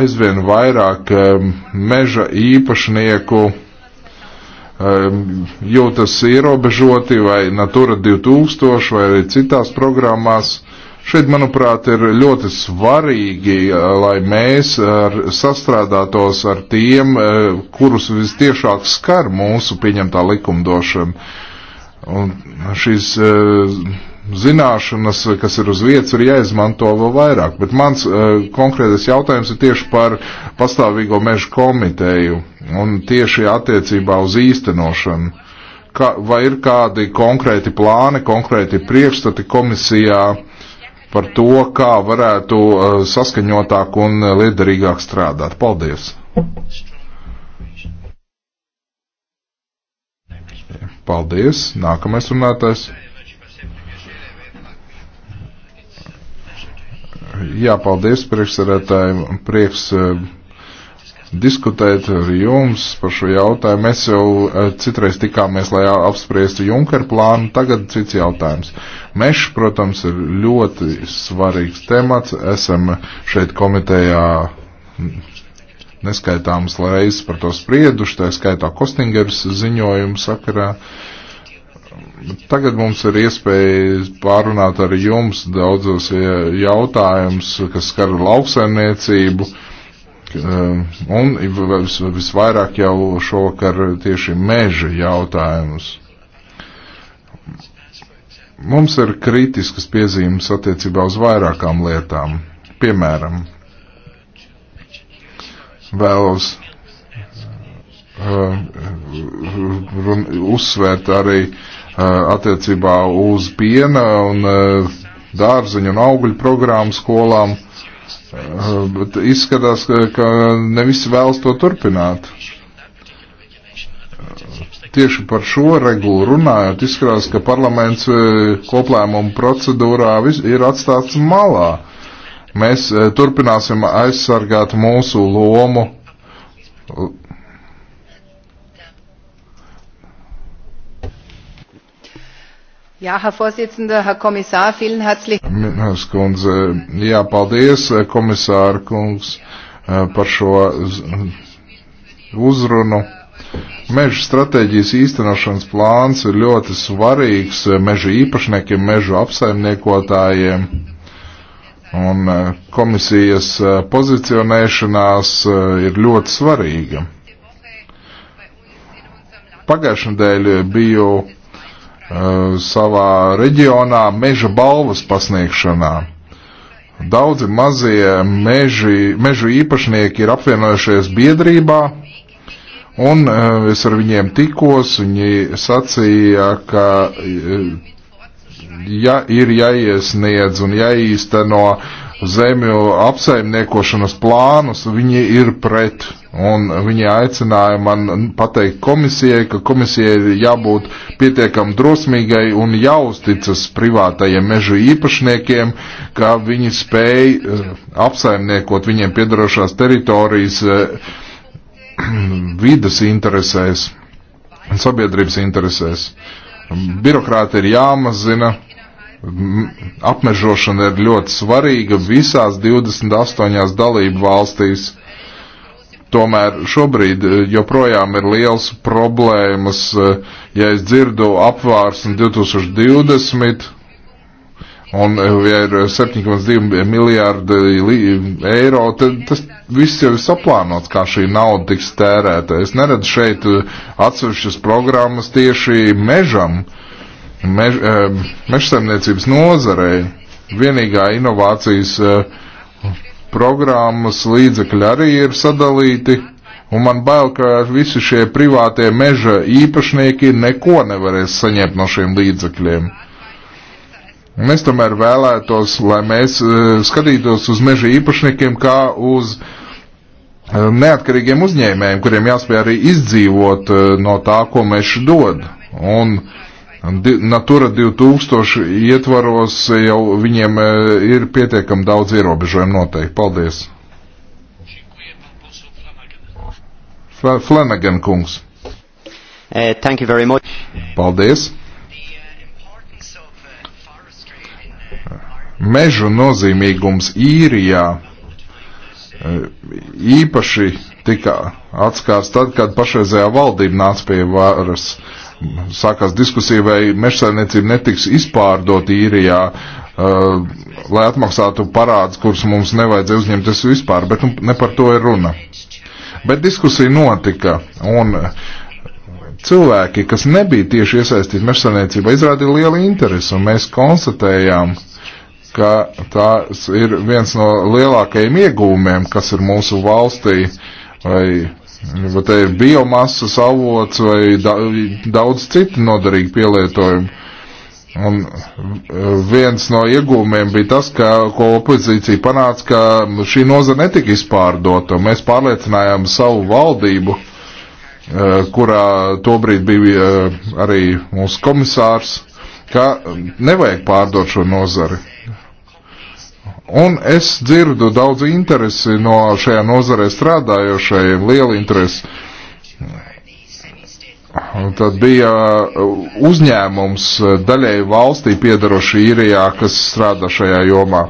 aizvien vairāk um, meža īpašnieku um, jūtas ierobežoti vai Natura 2000 vai arī citās programmās Šeit, manuprāt, ir ļoti svarīgi, eh, lai mēs ar, sastrādātos ar tiem, eh, kurus vistiešāk skar mūsu pieņemtā likumdošana. Un šīs eh, zināšanas, kas ir uz vietas, ir jāizmanto vēl vairāk. Bet mans uh, konkrētais jautājums ir tieši par pastāvīgo mežu komiteju un tieši attiecībā uz īstenošanu. Ka, vai ir kādi konkrēti plāni, konkrēti priekšstati komisijā par to, kā varētu uh, saskaņotāk un uh, liederīgāk strādāt. Paldies! Paldies! Nākamais runātājs. Jā, paldies priekšsarētājiem. Prieks uh, diskutēt ar jums par šo jautājumu. Mēs jau eh, citreiz tikāmies, lai apspriestu Junker plānu, tagad cits jautājums. Mešs, protams, ir ļoti svarīgs temats. Esam šeit komitejā neskaitāmas reizes par to sprieduši, tā skaitā Kostingers ziņojumu sakarā. Tagad mums ir iespēja pārunāt ar jums daudzos eh, jautājumus, kas skar lauksaimniecību. Uh, Um, un vis, visvairāk jau šovakar tieši meža jautājumus. Mums ir kritiskas piezīmes attiecībā uz vairākām lietām. Piemēram, vēlos uh, uzsvērt arī uh, attiecībā uz piena un uh, dārziņu un augļu programmu skolām. Uh, Bet izskatās, ka ne visi vēlas to turpināt. Tieši par šo regulu runājot, izskatās, ka parlaments e, koplēmuma procedūrā ir atstāts malā. Mēs e, turpināsim aizsargāt mūsu lomu Jā, Herr Vorsitzender, Herr Kommissar, vielen herzlichen Dank. Jā, paldies, eh, komisāra kungs, eh, par šo uzrunu. Meža stratēģijas īstenošanas plāns ir ļoti svarīgs eh, meža īpašniekiem, meža apsaimniekotājiem. Un komisijas pozicionēšanās ir ļoti svarīga. Pagājušajā nedēļā biju Eh, savā reģionā meža balvas pasniegšanā. Daudzi mazie meži, mežu īpašnieki ir apvienojušies biedrībā, un eh, es ar viņiem tikos, viņi sacīja, ka eh, ja ir jāiesniedz un jāīsteno zemju apsaimniekošanas plānus, viņi ir pret Un viņa aicināja man pateikt komisijai, ka komisijai ir jābūt pietiekam drosmīgai un jāuzticas privātajiem mežu īpašniekiem, ka viņi spēj eh, apsaimniekot viņiem piedarošās teritorijas eh, vidas interesēs un sabiedrības interesēs. Birokrāti ir jāmazina, apmežošana ir ļoti svarīga visās 28 dalību valstīs Tomēr šobrīd eh, joprojām ir liels problēmas, eh, ja es dzirdu apvārsni 2020 un eh, ja ir 7,2 miljārdi eiro, tad tas viss jau ir saplānots, kā šī nauda tiks tērēta. Es neredzu šeit atsevišķas programmas tieši mežam, mež, mežsaimniecības nozarei. Vienīgā inovācijas uh, programmas līdzekļi arī ir sadalīti, un man bail, ka visi šie privātie meža īpašnieki neko nevarēs saņemt no šiem līdzekļiem. Un es tomēr vēlētos, lai mēs eh, skatītos uz meža īpašniekiem kā uz eh, neatkarīgiem uzņēmējiem, kuriem jāspēj arī izdzīvot eh, no tā, ko mežs dod. Un uh, Natura 2000 ietvaros jau viņiem e, ir pietiekami daudz ierobežojumu noteikti. Paldies! Flanagan kungs. Uh, thank you very much. Paldies. Mežu nozīmīgums īrijā e, īpaši tika atskārs tad, kad pašreizējā valdība nāca pie varas. Uh, sākās diskusija, vai mežsainiecība netiks izpārdot īrijā, uh, lai atmaksātu parāds, kurus mums nevajadzēja uzņemties vispār, bet nu, ne par to ir runa. Bet diskusija notika, un cilvēki, kas nebija tieši iesaistīti mežsainiecībā, izrādīja lielu interesi, un mēs konstatējām, ka tās ir viens no lielākajiem iegūmiem, kas ir mūsu valstī, vai Mm. Vai te ir biomasas avots vai da, daudz citu noderīgu pielietojumu. Un eh, viens no iegūmiem bija tas, ka, ko opozīcija panāca, ka šī nozara netika izpārdota. Mēs pārliecinājām savu valdību, eh, kurā tobrīd bija eh, arī mūsu komisārs, ka nevajag pārdot šo nozari. Un es dzirdu daudz interesi no šajā nozarē strādājošajiem, lielu interesi. Tad bija uh, uzņēmums uh, daļēji valstī piedaroši īrijā, kas strādā šajā jomā.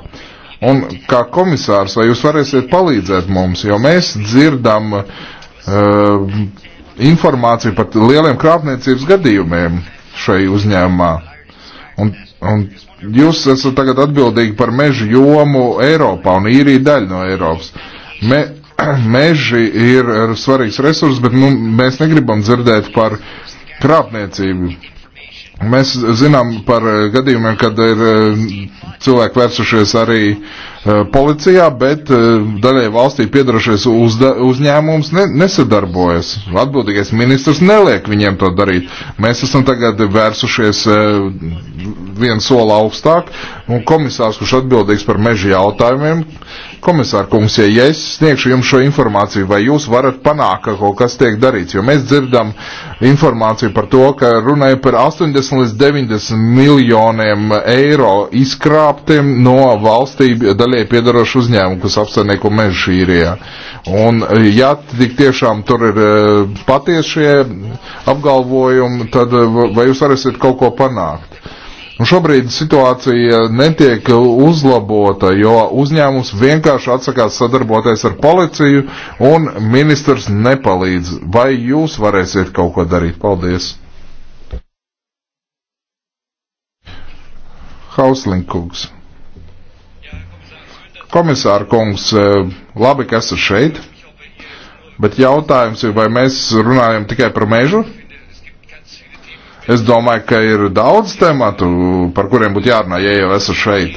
Un kā komisārs, vai jūs varēsiet palīdzēt mums, jo mēs dzirdam uh, informāciju par lieliem krāpniecības gadījumiem šai uzņēmumā. Un, un jūs esat tagad atbildīgi par mežu jomu Eiropā un īrija daļa no Eiropas. Me, meži ir svarīgs resurs, bet nu, mēs negribam dzirdēt par krāpniecību. Mēs zinām par eh, gadījumiem, kad ir eh, cilvēki vērsušies arī eh, policijā, bet daļai valstī piedarošies uzņēmums ne, nesadarbojas. Atbildīgais ministrs neliek viņiem to darīt. Mēs esam tagad vērsušies vienu soli augstāk, un komisārs, kurš atbildīgs par meža jautājumiem, Komisār kungs, ja es sniegšu jums šo informāciju, vai jūs varat panākt, ka kaut kas tiek darīts, jo mēs dzirdam informāciju par to, ka runāja par 80 līdz 90 miljoniem eiro izkrāptiem no valstī daļai piedarošu uzņēmumu, kas apsainieko mežu īrijā. Un ja tik tiešām tur ir eh, patiešie apgalvojumi, tad eh, vai jūs varēsiet kaut ko panākt? Un šobrīd situācija netiek uzlabota, jo uzņēmums vienkārši atsakās sadarboties ar policiju un ministrs nepalīdz. Vai jūs varēsiet kaut ko darīt? Paldies! Hauslinkungs. Komisāra kungs, eh, labi, ka esat šeit, bet jautājums ir, vai mēs runājam tikai par mežu? Es domāju, ka ir daudz tematu, par kuriem būtu jārunā, ja jau esat šeit.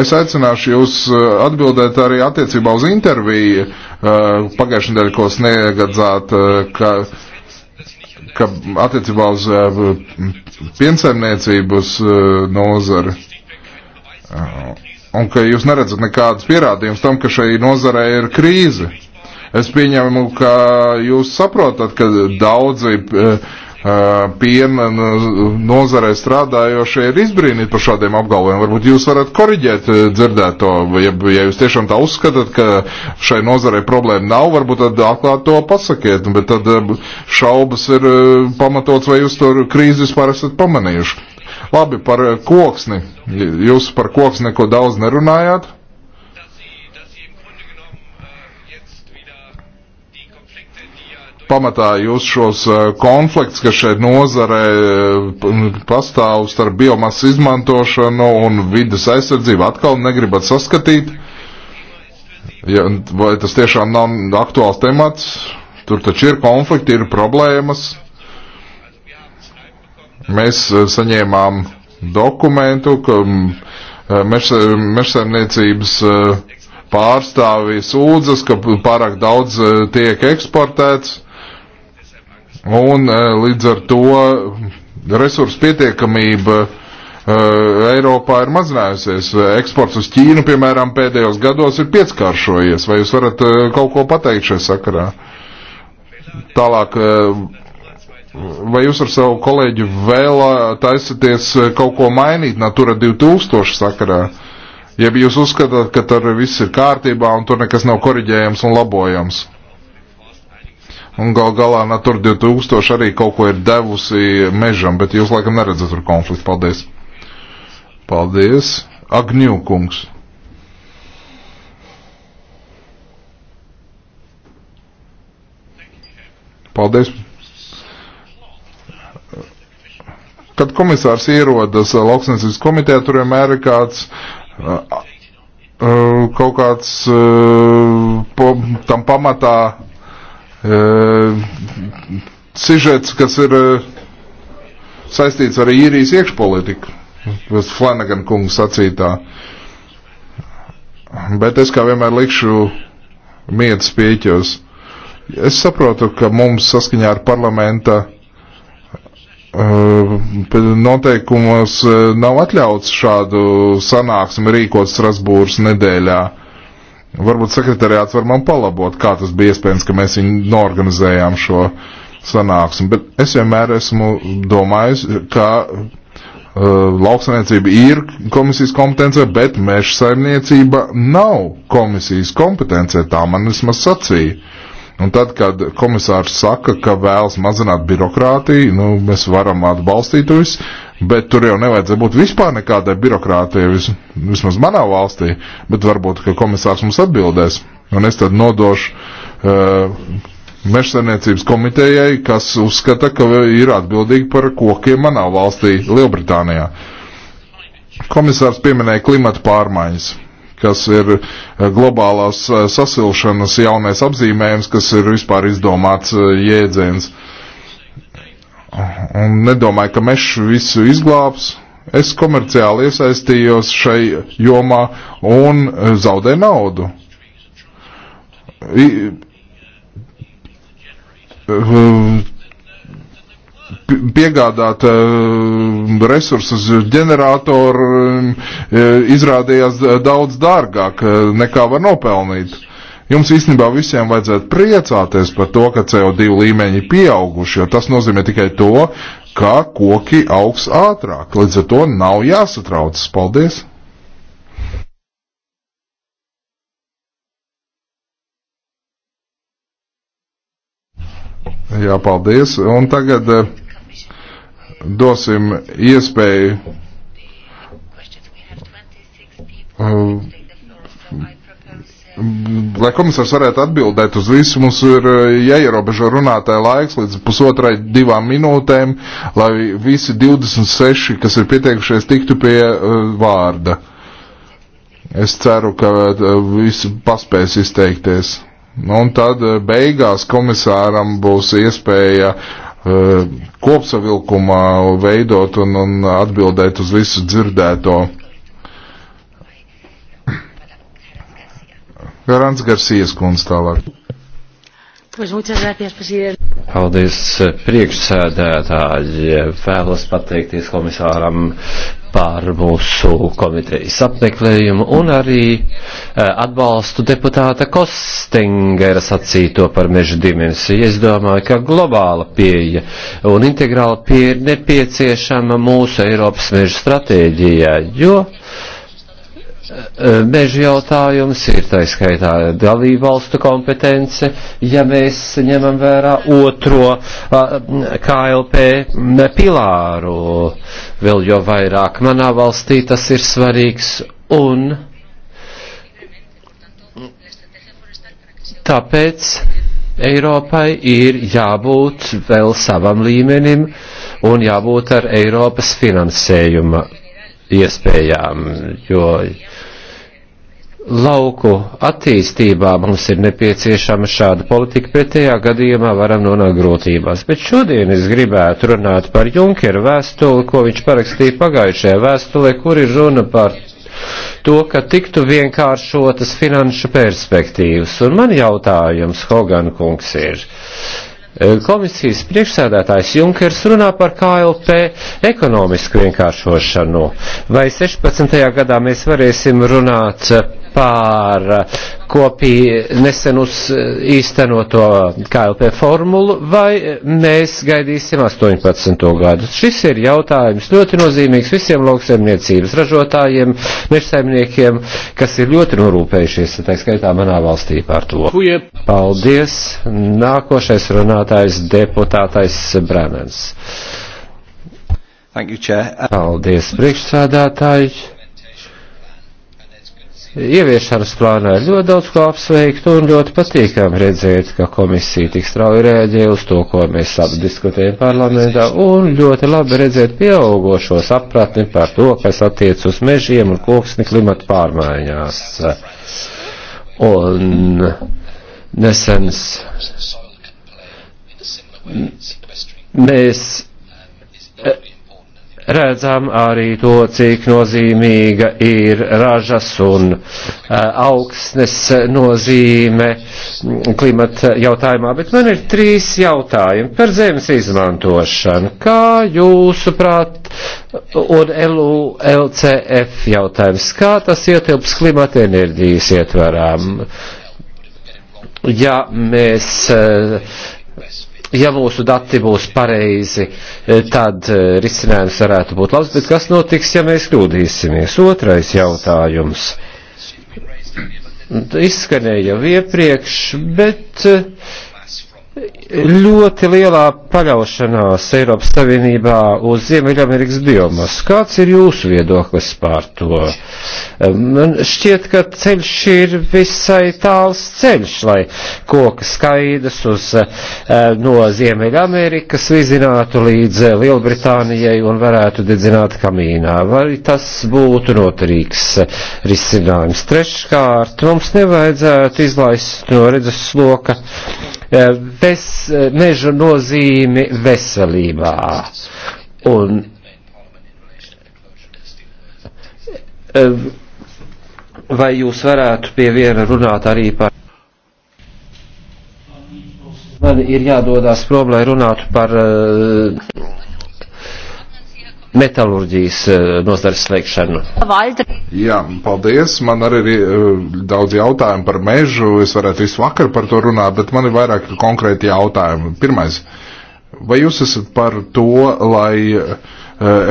Es aicināšu jūs eh, atbildēt arī attiecībā uz interviju eh, pagājušajā nedēļā, ko sniegadzāt, eh, ka, ka attiecībā uz piensaimniecības nozari. Un ka jūs neredzat nekādus pierādījumus tam, ka šai nozarei ir krīze. Es pieņemu, ka jūs saprotat, ka daudzi eh, eh, piena nozarē strādājošie ir izbrīnīti par šādiem apgalvojumiem. Varbūt jūs varat koriģēt eh, dzirdēto, ja, ja jūs tiešām tā uzskatāt, ka šai nozarē problēma nav, varbūt tad atklāt to pasakiet, bet tad šaubas ir pamatots, vai jūs to krīzi vispār esat pamanījuši. Labi, par koksni. Jūs par koksni neko daudz nerunājāt? pamatā jūs šos eh, konflikts, kas šeit nozarē eh, pastāv starp biomasu izmantošanu un vidas aizsardzību atkal negribat saskatīt? Ja, vai tas tiešām nav aktuāls temats? Tur taču ir konflikti, ir problēmas. Mēs eh, saņēmām dokumentu, ka mm, mežsaimniecības pārstāvis sūdzas, ka pārāk daudz tiek eksportēts. Un eh, līdz ar to resursu pietiekamība eh, Eiropā ir mazinājusies. Eksports uz Ķīnu, piemēram, pēdējos gados ir pieckāršojies. Vai jūs varat eh, kaut ko pateikt šajā sakarā? Tālāk, vai jūs ar savu kolēģi vēl taisaties kaut ko mainīt Natura 2000 sakarā? Ja jūs uzskatāt, ka tur viss ir kārtībā un tur nekas nav koriģējams un labojams? Un gal galā Natura 2000 arī kaut ko ir devusi mežam, bet jūs laikam neredzat tur konfliktu. Paldies! Paldies! Agņūkungs! Paldies! Kad komisārs ierodas lauksnesības komitē, tur vienmēr ir kāds uh, uh, kaut kāds uh, tam pamatā uh, sižets, kas ir uh, saistīts ar īrijas iekšpolitiku, kas Flanagan kungs sacītā. Bet es kā vienmēr likšu mietas pieķos. Es saprotu, ka mums saskaņā ar parlamenta uh, noteikumos nav atļauts šādu sanāksmi rīkot Strasbūras nedēļā. Varbūt sekretariāts var man palabot, kā tas bija iespējams, ka mēs viņu norganizējām šo sanāksmi, bet es vienmēr esmu domājis, ka uh, lauksaniecība ir komisijas kompetencija, bet meža saimniecība nav komisijas kompetencija, tā man vismaz sacīja. Un tad, kad komisārs saka, ka vēlas mazināt birokrātiju, nu, mēs varam atbalstīt visu, Bet tur jau nevajadzēja būt vispār nekādai birokrātijai, vis, vismaz manā valstī, bet varbūt, ka komisārs mums atbildēs. Un es tad nodošu uh, mežsaimniecības komitejai, kas uzskata, ka ir atbildīgi par kokiem manā valstī, Lielbritānijā. Komisārs pieminēja klimata pārmaiņas kas ir uh, globālās uh, sasilšanas jaunais apzīmējums, kas ir vispār izdomāts uh, jēdziens. Uh, un nedomāju, ka mešs visu izglābs. Es komerciāli iesaistījos šai jomā un zaudēju naudu. I, piegādāt eh, resursus ģeneratoru eh, izrādījās eh, daudz dārgāk nekā var nopelnīt. Jums īstenībā visiem vajadzētu priecāties par to, ka CO2 līmeņi pieauguši, jo tas nozīmē tikai to, ka koki augs ātrāk. Līdz ar to nav jāsatraucas. Paldies! Jā, paldies. Un tagad eh, dosim iespēju eh, lai komisārs varētu atbildēt uz visu, mums ir eh, jāierobežo runātāja laiks līdz pusotrai divām minūtēm, lai visi 26, kas ir pieteikušies, tiktu pie uh, vārda. Es ceru, ka uh, visi paspēs izteikties. Nu, un tad uh, beigās komisāram būs iespēja kopsavilkumā veidot un, un atbildēt uz visu dzirdēto. Garants Garcijas kundze tālāk. Pues muchas gracias, presidente. Paldies, priekšsēdētāji. Vēlos pateikties komisāram par mūsu komitejas apmeklējumu un arī eh, atbalstu deputāta Kostingera sacīto par meža dimensiju. Es domāju, ka globāla pieeja un integrāla pieeja ir nepieciešama mūsu Eiropas meža stratēģijā, jo uh, Eh, eh, mežu jautājums, ir taiskaitā dalību valstu kompetence, ja mēs ņemam vērā otro KLP pilāru, vēl jo vairāk manā valstī tas ir svarīgs un tāpēc Eiropai ir jābūt vēl savam līmenim un jābūt ar Eiropas finansējuma iespējām, jo lauku attīstībā mums ir nepieciešama šāda politika, pretējā gadījumā varam nonākt grūtībās. Bet šodien es gribētu runāt par Junkeru vēstuli, ko viņš parakstīja pagājušajā vēstulē, kur ir runa par to, ka tiktu vienkāršotas finanšu perspektīvas. Un man jautājums, Hogan kungs, ir, Eh, komisijas priekšsēdētājs Junkers runā par KLP ekonomisku vienkāršošanu. Vai 16. gadā mēs varēsim runāt eh, par eh, kopī nesen uz eh, īstenoto KLP formulu, vai eh, mēs gaidīsim 18. gadu. Šis ir jautājums ļoti nozīmīgs visiem lauksaimniecības ražotājiem, mežsaimniekiem, kas ir ļoti norūpējušies, tā skaitā manā valstī par to. Paldies! Nākošais runātājs deputātais Brennens. Paldies, priekšsādātāji! ieviešanas plānā ir ļoti daudz ko apsveikt un ļoti patīkami redzēt, ka komisija tik strauji rēģē uz to, ko mēs apdiskutējam parlamentā, un ļoti labi redzēt pieaugošo sapratni par to, kas attiec uz mežiem un koksni klimata pārmaiņās. Un nesens mēs redzam arī to, cik nozīmīga ir ražas un augsnes nozīme klimata jautājumā, bet man ir trīs jautājumi par zemes izmantošanu. Kā jūsuprāt, un LULCF jautājums, kā tas ietilps klimata enerģijas ietvarām? Ja mēs uh, ja mūsu dati būs pareizi, e, tad e, risinājums varētu būt labs, bet kas notiks, ja mēs kļūdīsimies? Otrais jautājums. Izskanēja jau iepriekš, bet e, ļoti lielā paļaušanās Eiropas Savienībā uz Ziemeļamerikas biomasu. Kāds ir jūsu viedoklis pār to? Man šķiet, ka ceļš ir visai tāls ceļš, lai koka skaidrs uz, eh, no Ziemeļamerikas vizinātu līdz eh, Lielbritānijai un varētu dedzināt kamīnā. Vai tas būtu noturīgs eh, risinājums? Treškārt, mums nevajadzētu izlaist no redzes sloka Eh, ves, mežu eh, nozīmi veselībā. Un eh, vai jūs varētu pie viena runāt arī par. Man ir jādodas prom, lai runātu par. Uh, metalurģijas eh, nozares slēgšanu. Jā, paldies. Man arī ir eh, daudz jautājumu par mežu. Es varētu visu vakaru par to runāt, bet man ir vairāk konkrēti jautājumi. Pirmais, vai jūs esat par to, lai eh,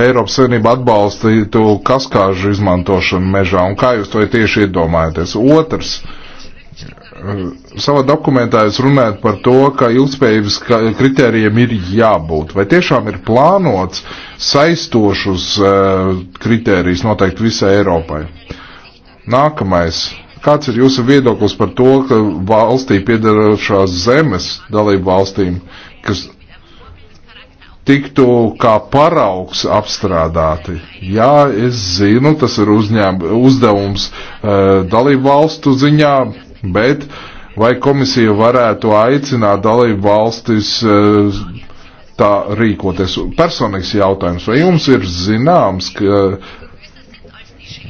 Eiropas Savienība atbalstītu kaskāžu izmantošanu mežā un kā jūs to tieši iedomājaties? Otrs. Uh, Eh, savā dokumentā jūs runājat par to, ka ilgspējības kritērijiem ir jābūt. Vai tiešām ir plānots saistošus eh, kritērijus noteikti visai Eiropai? Nākamais. Kāds ir jūsu viedoklis par to, ka valstī piedarošās zemes dalību valstīm, kas tiktu kā paraugs apstrādāti. Jā, es zinu, tas ir uzņēm, uzdevums uh, dalību valstu ziņā bet vai komisija varētu aicināt dalību valstis eh, tā rīkoties? Personīgs jautājums, vai jums ir zināms, ka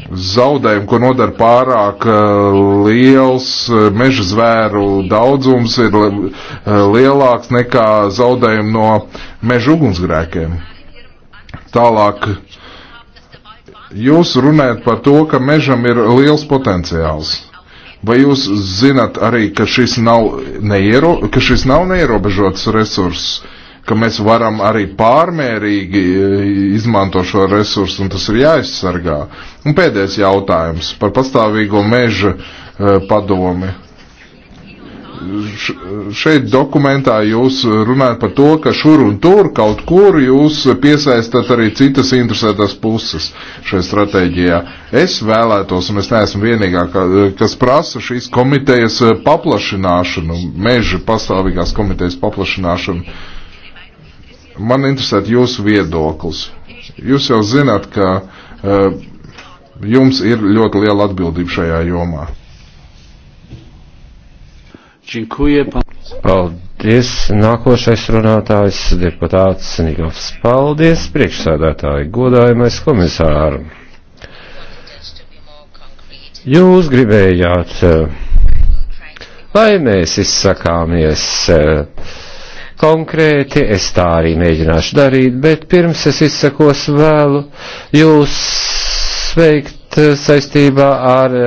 zaudējumi, ko nodara pārāk eh, liels eh, meža zvēru daudzums, ir lielāks nekā zaudējumi no meža ugunsgrēkiem? Tālāk Jūs runājat par to, ka mežam ir liels potenciāls. Vai jūs zinat arī, ka šis nav, neiero, ka šis nav neierobežots resurss, ka mēs varam arī pārmērīgi e, izmanto šo resursu un tas ir jāizsargā? Un pēdējais jautājums par pastāvīgo meža e, padomi šeit dokumentā jūs runājat par to, ka šur un tur kaut kur jūs piesaistat arī citas interesētās puses šajā stratēģijā. Es vēlētos, un es neesmu vienīgā, kas prasa šīs komitejas paplašināšanu, meža pastāvīgās komitejas paplašināšanu. Man interesē jūsu viedoklis. Jūs jau zināt, ka uh, jums ir ļoti liela atbildība šajā jomā. Paldies. Nākošais runātājs deputāts Nigovs. Paldies, priekšsādātāji, godājumais komisāri. Jūs gribējāt, eh, lai mēs izsakāmies eh, konkrēti, es tā arī mēģināšu darīt, bet pirms es izsakos vēlu jūs sveikt eh, saistībā ar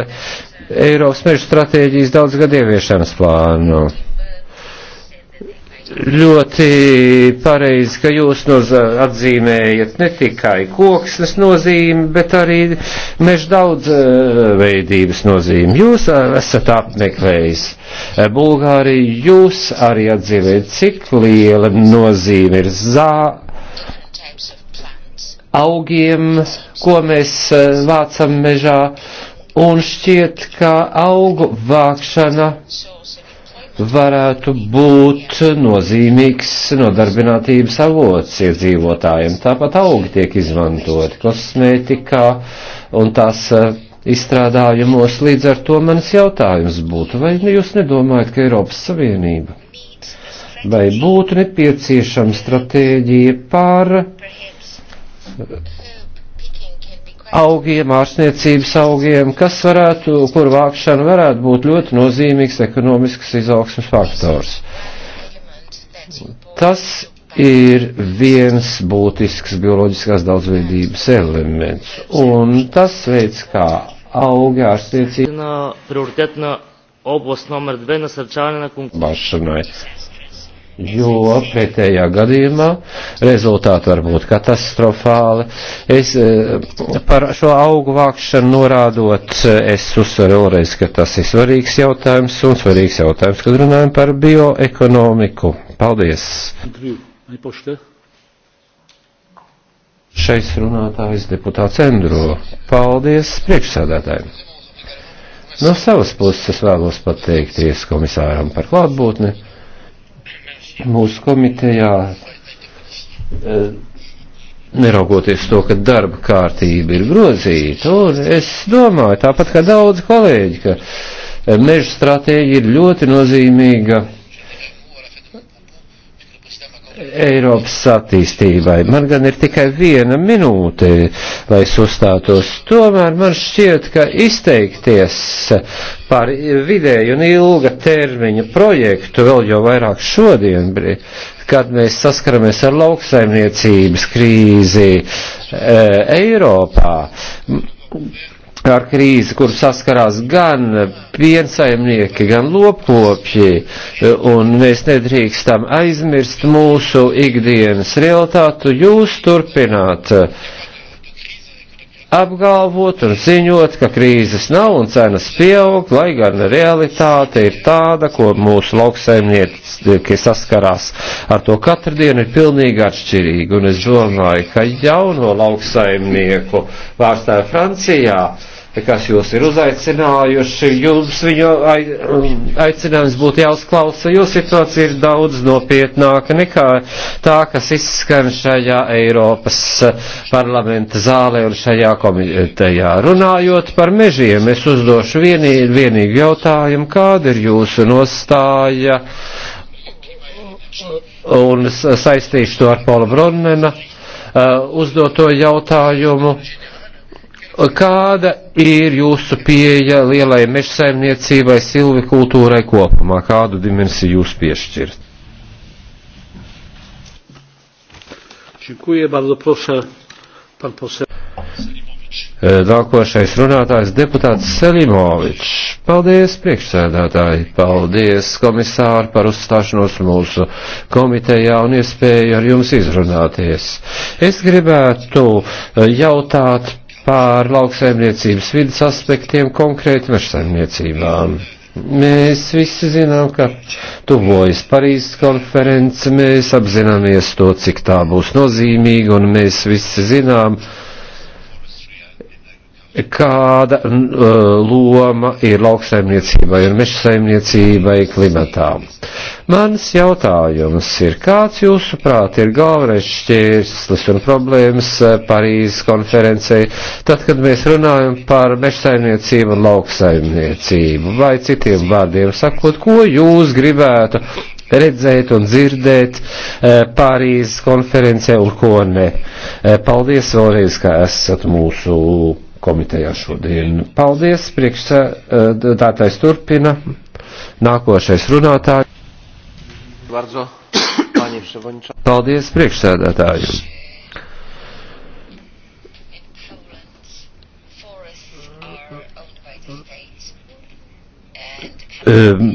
Eiropas mežu stratēģijas daudz gadu ieviešanas plānu. Ļoti pareizi, ka jūs noz, atzīmējat ne tikai koksnes nozīmi, bet arī mežu daudzveidības e, nozīmi. Jūs e, esat apmeklējis e, Bulgāriju, jūs arī atzīmējat, cik liela nozīme ir zā augiem, ko mēs vācam mežā un šķiet, ka augu vākšana varētu būt nozīmīgs nodarbinātības avots iedzīvotājiem. Tāpat augi tiek izmantoti kosmētikā un tās eh, izstrādājumos. Līdz ar to manas jautājums būtu, vai nu jūs nedomājat, ka Eiropas Savienība vai būtu nepieciešama stratēģija par eh, augiem, ārsniecības augiem, kas varētu, kur vākšana varētu būt ļoti nozīmīgs ekonomisks izaugsmas faktors. Tas ir viens būtisks bioloģiskās daudzveidības elements, un tas veids, kā augi ārsniecība. Bašanai jo pretējā gadījumā rezultāti var būt katastrofāli. Es eh, par šo augu vākšanu norādot, es uzsveru vēlreiz, ka tas ir svarīgs jautājums un svarīgs jautājums, kad runājam par bioekonomiku. Paldies! Šeis runātājs deputāts Endro. Paldies priekšsēdētājiem! No savas puses vēlos pateikties komisāram par klātbūtni mūsu komitejā, e, neraugoties to, ka darba kārtība ir grozīta, un es domāju, tāpat kā daudzi kolēģi, ka meža stratēģija ir ļoti nozīmīga Eiropas attīstībai. Man gan ir tikai viena minūte, lai es uzstātos. Tomēr man šķiet, ka izteikties par vidēju un ilga termiņa projektu vēl jau vairāk šodien, kad mēs saskaramies ar lauksaimniecības krīzi e, Eiropā ar krīzi, kur saskarās gan piensaimnieki, gan lopkopji, un mēs nedrīkstam aizmirst mūsu ikdienas realitātu. Jūs turpināt apgalvot un ziņot, ka krīzes nav un cenas pieaug, lai gan realitāte ir tāda, ko mūsu lauksaimnieki saskarās ar to katru dienu, ir pilnīgi atšķirīga. Un es domāju, ka jauno lauksaimnieku pārstāvju Francijā, kas jūs ir uzaicinājuši. Jums viņu aicinājums būtu jāuzklausa, jo situācija ir daudz nopietnāka nekā tā, kas izskan šajā Eiropas parlamenta zālē un šajā komitejā. Runājot par mežiem, es uzdošu vienī, vienīgu jautājumu, kāda ir jūsu nostāja un saistīšu to ar Paula Bronnena uh, uzdoto jautājumu. Uh, Kāda ir jūsu pieeja lielai mežsaimniecībai, silvikultūrai kopumā? Kādu dimensiju jūs piešķirt? Dziękuję, bardzo proszę, pan poseł. E, nākošais runātājs deputāts Selimovičs. Paldies, priekšsēdētāji, paldies, komisāri, par uzstāšanos mūsu komitejā un iespēju ar jums izrunāties. Es gribētu e, jautāt pār lauksaimniecības vidas aspektiem konkrēti mežsaimniecībām. Mēs visi zinām, ka tuvojas Parīzes konference, mēs apzināmies to, cik tā būs nozīmīga, un mēs visi zinām, uh, kāda uh, loma ir lauksaimniecībai un meža saimniecībai klimatā. Mans jautājums ir, kāds jūsuprāt ir galvenais šķērslis un problēmas uh, Parīzes konferencē, tad, kad mēs runājam par meža saimniecību un lauksaimniecību, vai citiem vārdiem sakot, ko jūs gribētu redzēt un dzirdēt uh, Parīzes konferencē un ko ne. Paldies vēlreiz, ka esat mūsu komitejā šodien. Paldies, priekšsēdētājs turpina. Nākošais runātājs. Paldies, priekšsēdētāju. Um,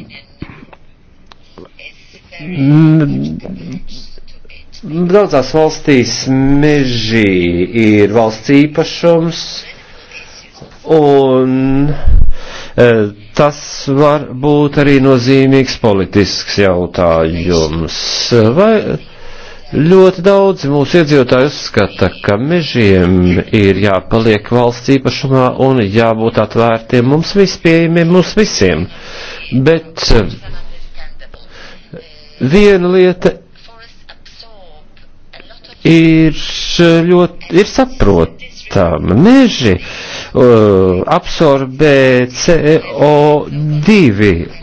Daudzās valstīs meži ir valsts īpašums, un e, tas var būt arī nozīmīgs politisks jautājums. Vai ļoti daudz mūsu iedzīvotāju uzskata, ka mežiem ir jāpaliek valsts īpašumā un jābūt atvērtiem mums vispieejamiem, mums visiem. Bet e, viena lieta ir ļoti ir saprotama. Meži uh, absorbē CO2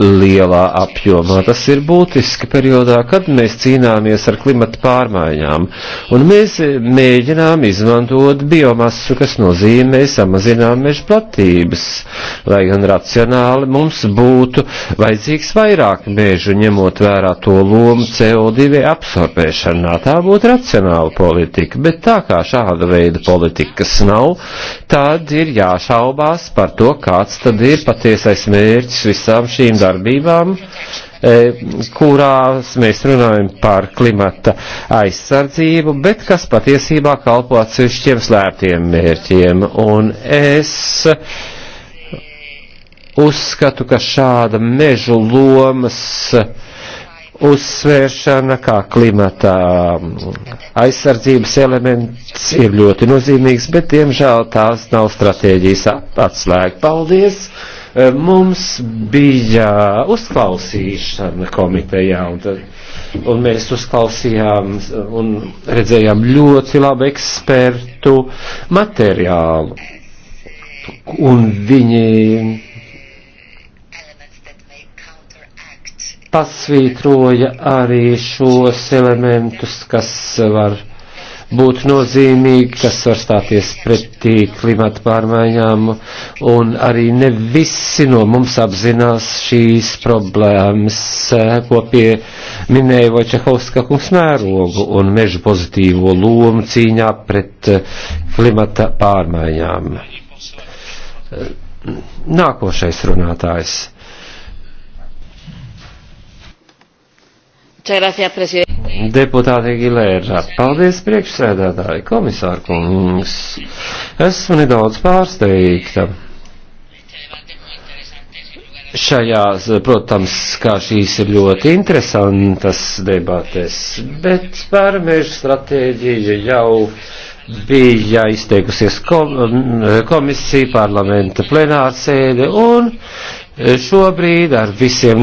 lielā apjomā. Tas ir būtiski periodā, kad mēs cīnāmies ar klimata pārmaiņām. Un mēs mēģinām izmantot biomasu, kas nozīmē samazinām mežu platības. Lai gan racionāli mums būtu vajadzīgs vairāk mežu, ņemot vērā to lomu CO2 absorbēšanā. Tā būtu racionāla politika. Bet tā kā šāda veida politikas nav, tad ir jāšaubās par to, kāds tad ir patiesais mērķis visām šīm darbībām, e, kurās mēs runājam par klimata aizsardzību, bet kas patiesībā kalpo atsevišķiem slēptiem mērķiem. Un es uzskatu, ka šāda mežu lomas uh, uzsvēršana kā klimata aizsardzības elements ir ļoti nozīmīgs, bet diemžēl tās nav stratēģijas atslēga. Paldies! Eh, mums bija uzklausīšana komitejā, un, tad, un mēs uzklausījām un redzējām ļoti labu ekspertu materiālu. Un viņi pasvītroja arī šos elementus, kas var būt nozīmīgi, kas var stāties pretī klimata pārmaiņām, un arī ne visi no mums apzinās šīs problēmas, ko pie minēja Vojčehovska kungs mērogu un mežu pozitīvo lomu cīņā pret klimata pārmaiņām. Nākošais runātājs. Deputāte Gilēra, paldies priekšsēdētāji, komisāra kungs. Esmu nedaudz pārsteigta. Šajās, protams, kā šīs ir ļoti interesantas debates, bet pārmēžu stratēģija jau bija izteikusies komisija, parlamenta plenārsēde un Šobrīd ar visiem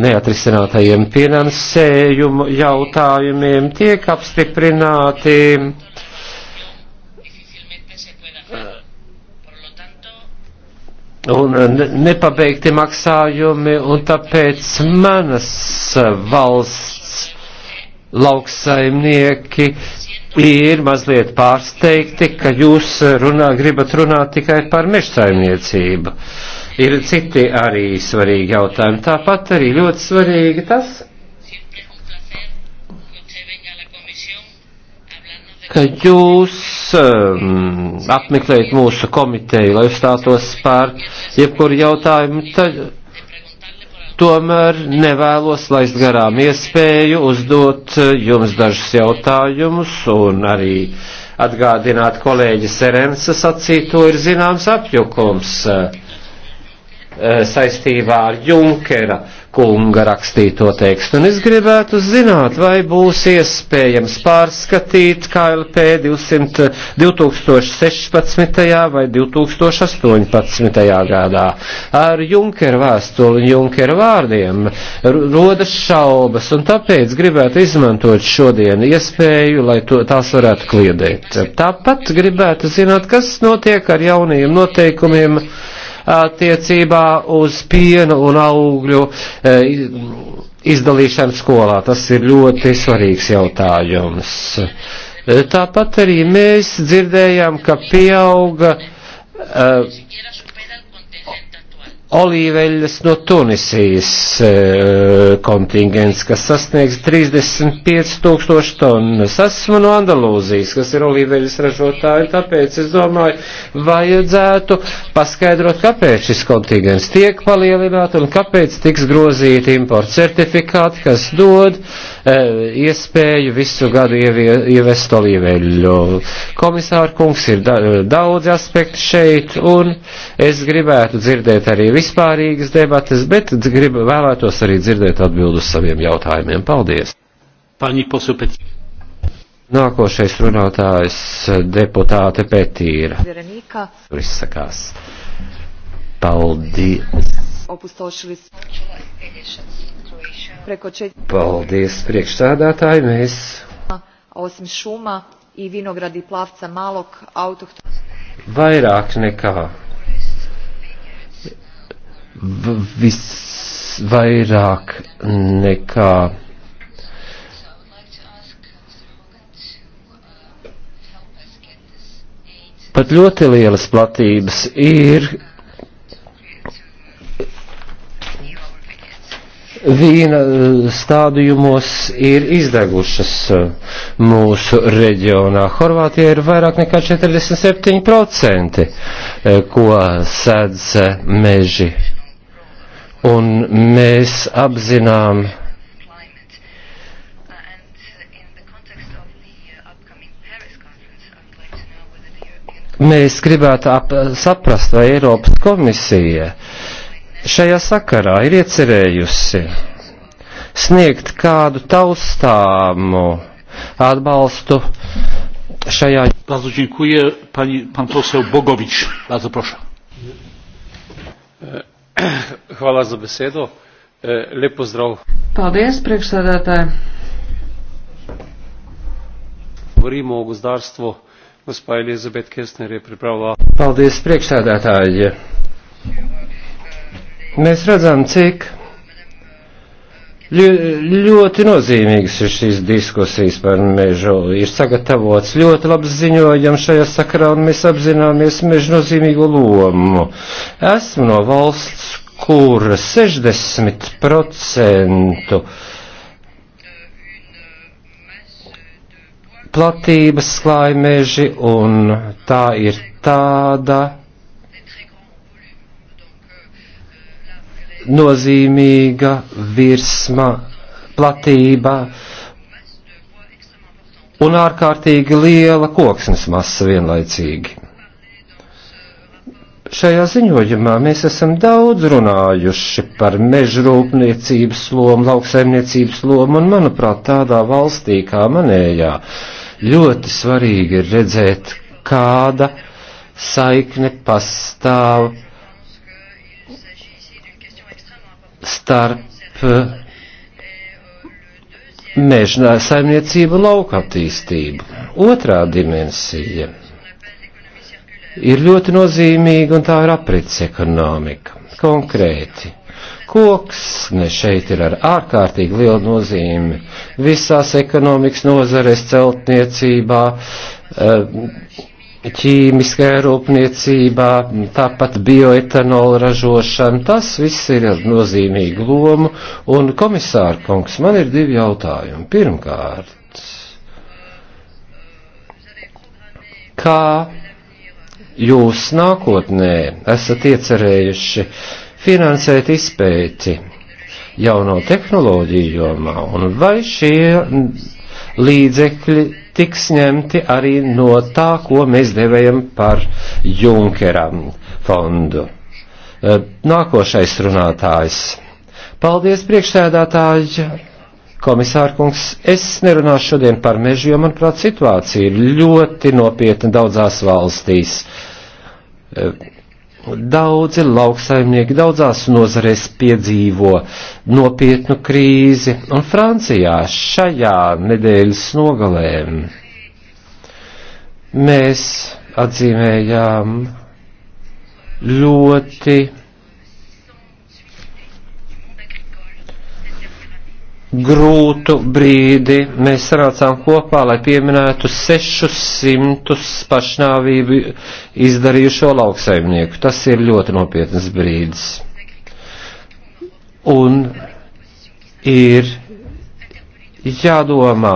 neatrisinātajiem finansējumu jautājumiem tiek apstiprināti un nepabeigti maksājumi, un tāpēc manas valsts lauksaimnieki ir mazliet pārsteigti, ka jūs runā, gribat runāt tikai par mežsaimniecību. Uh, ir citi arī svarīgi jautājumi. Tāpat arī ļoti svarīgi tas, ka jūs um, apmeklējat mūsu komiteju, lai uzstātos pār jebkuru jautājumu, tad tomēr nevēlos laist garām iespēju uzdot jums dažus jautājumus un arī atgādināt kolēģi Serensa sacīto ir zināms apjukums. Uh, Eh, saistībā ar Junkera kunga rakstīto tekstu. Un es gribētu zināt, vai būs iespējams pārskatīt KLP 200, 2016. vai 2018. gadā. Ar Junkera vēstuli un Junkera vārdiem rodas šaubas, un tāpēc gribētu izmantot šodien iespēju, lai to, tās varētu kliedēt. Tāpat gribētu zināt, kas notiek ar jaunajiem noteikumiem, attiecībā uz pienu un augļu eh, izdalīšanu skolā. Tas ir ļoti svarīgs jautājums. Eh, tāpat arī mēs dzirdējām, ka pieauga uh, olīveļas no Tunisijas e, kontingents, kas sasniegs 35 tūkstoši tonnas. Esmu no Andalūzijas, kas ir olīveļas ražotāji, tāpēc es domāju, vajadzētu paskaidrot, kāpēc šis kontingents tiek palielināts un kāpēc tiks grozīti importa certifikāti, kas dod uh, E, iespēju visu gadu ievest olīveļu. Komisāra kungs ir da daudz aspektu šeit, un es gribētu dzirdēt arī vispārīgas debates, bet grib, vēlētos arī dzirdēt atbildus saviem jautājumiem. Paldies! Nākošais runātājs deputāte Petīra. Tur izsakās. Paldies! Opustošulis. Paldies, priekšsādātāji, mēs. Osim šuma i vinogradi plavca malog autohtonog. Vairāk nekā visvairāk nekā pat ļoti lielas platības ir vīna eh, stādījumos ir izdegušas eh, mūsu reģionā. Horvātija ir vairāk nekā 47%, eh, ko sēdz meži. Un mēs apzinām, mēs gribētu ap, saprast, vai Eiropas komisija šajā sakarā ir iecerējusi sniegt kādu taustāmu atbalstu šajā. Bardzo dziękuję. Pani, pan poseł Bogowicz. Bardzo proszę. Hvala za besedo. E, lep pozdrav. Paldies, priekšsēdētāji. Govorimo o gozdarstvu. Gospa Elizabete Kesner je pripravila. Paldies, priekšsēdētāji. Mēs redzam, cik ļoti nozīmīgas ir šīs diskusijas par mežu. Ir sagatavots ļoti labs ziņojums šajā sakarā, un mēs apzināmies mežu nozīmīgo lomu. Esmu no valsts, kur 60% platības klāj meži, un tā ir tāda nozīmīga virsma, platība un ārkārtīgi liela koksnes masa vienlaicīgi. Šajā ziņojumā mēs esam daudz runājuši par mežrūpniecības lomu, lauksaimniecības lomu, un, manuprāt, tādā valstī kā manējā ļoti svarīgi ir redzēt, kāda saikne pastāv starp eh, mežnā saimniecību lauka attīstību. Otrā dimensija ir ļoti nozīmīga un tā ir aprits ekonomika. Konkrēti, koks ne šeit ir ar ārkārtīgi lielu nozīmi visās ekonomikas nozarēs, celtniecībā, eh, ķīmiskajā rūpniecībā, tāpat bioetanola ražošana, tas viss ir ar nozīmīgu lomu. Un komisāra kungs, man ir divi jautājumi. Pirmkārt, kā jūs nākotnē esat iecerējuši finansēt izpēti jauno tehnoloģiju jomā, un vai šie līdzekļi tiks ņemti arī no tā, ko mēs devējam par Junkera fondu. Eh, nākošais runātājs. Paldies, priekšsēdētāji! Komisārkungs, es nerunāšu šodien par mežu, jo, manuprāt, situācija ir ļoti nopietna daudzās valstīs eh, Daudzi lauksaimnieki daudzās nozarēs piedzīvo nopietnu krīzi, un Francijā šajā nedēļas nogalē mēs atzīmējām ļoti grūtu brīdi mēs sanācām kopā, lai pieminētu 600 pašnāvību izdarījušo lauksaimnieku. Tas ir ļoti nopietnas brīdis. Un ir jādomā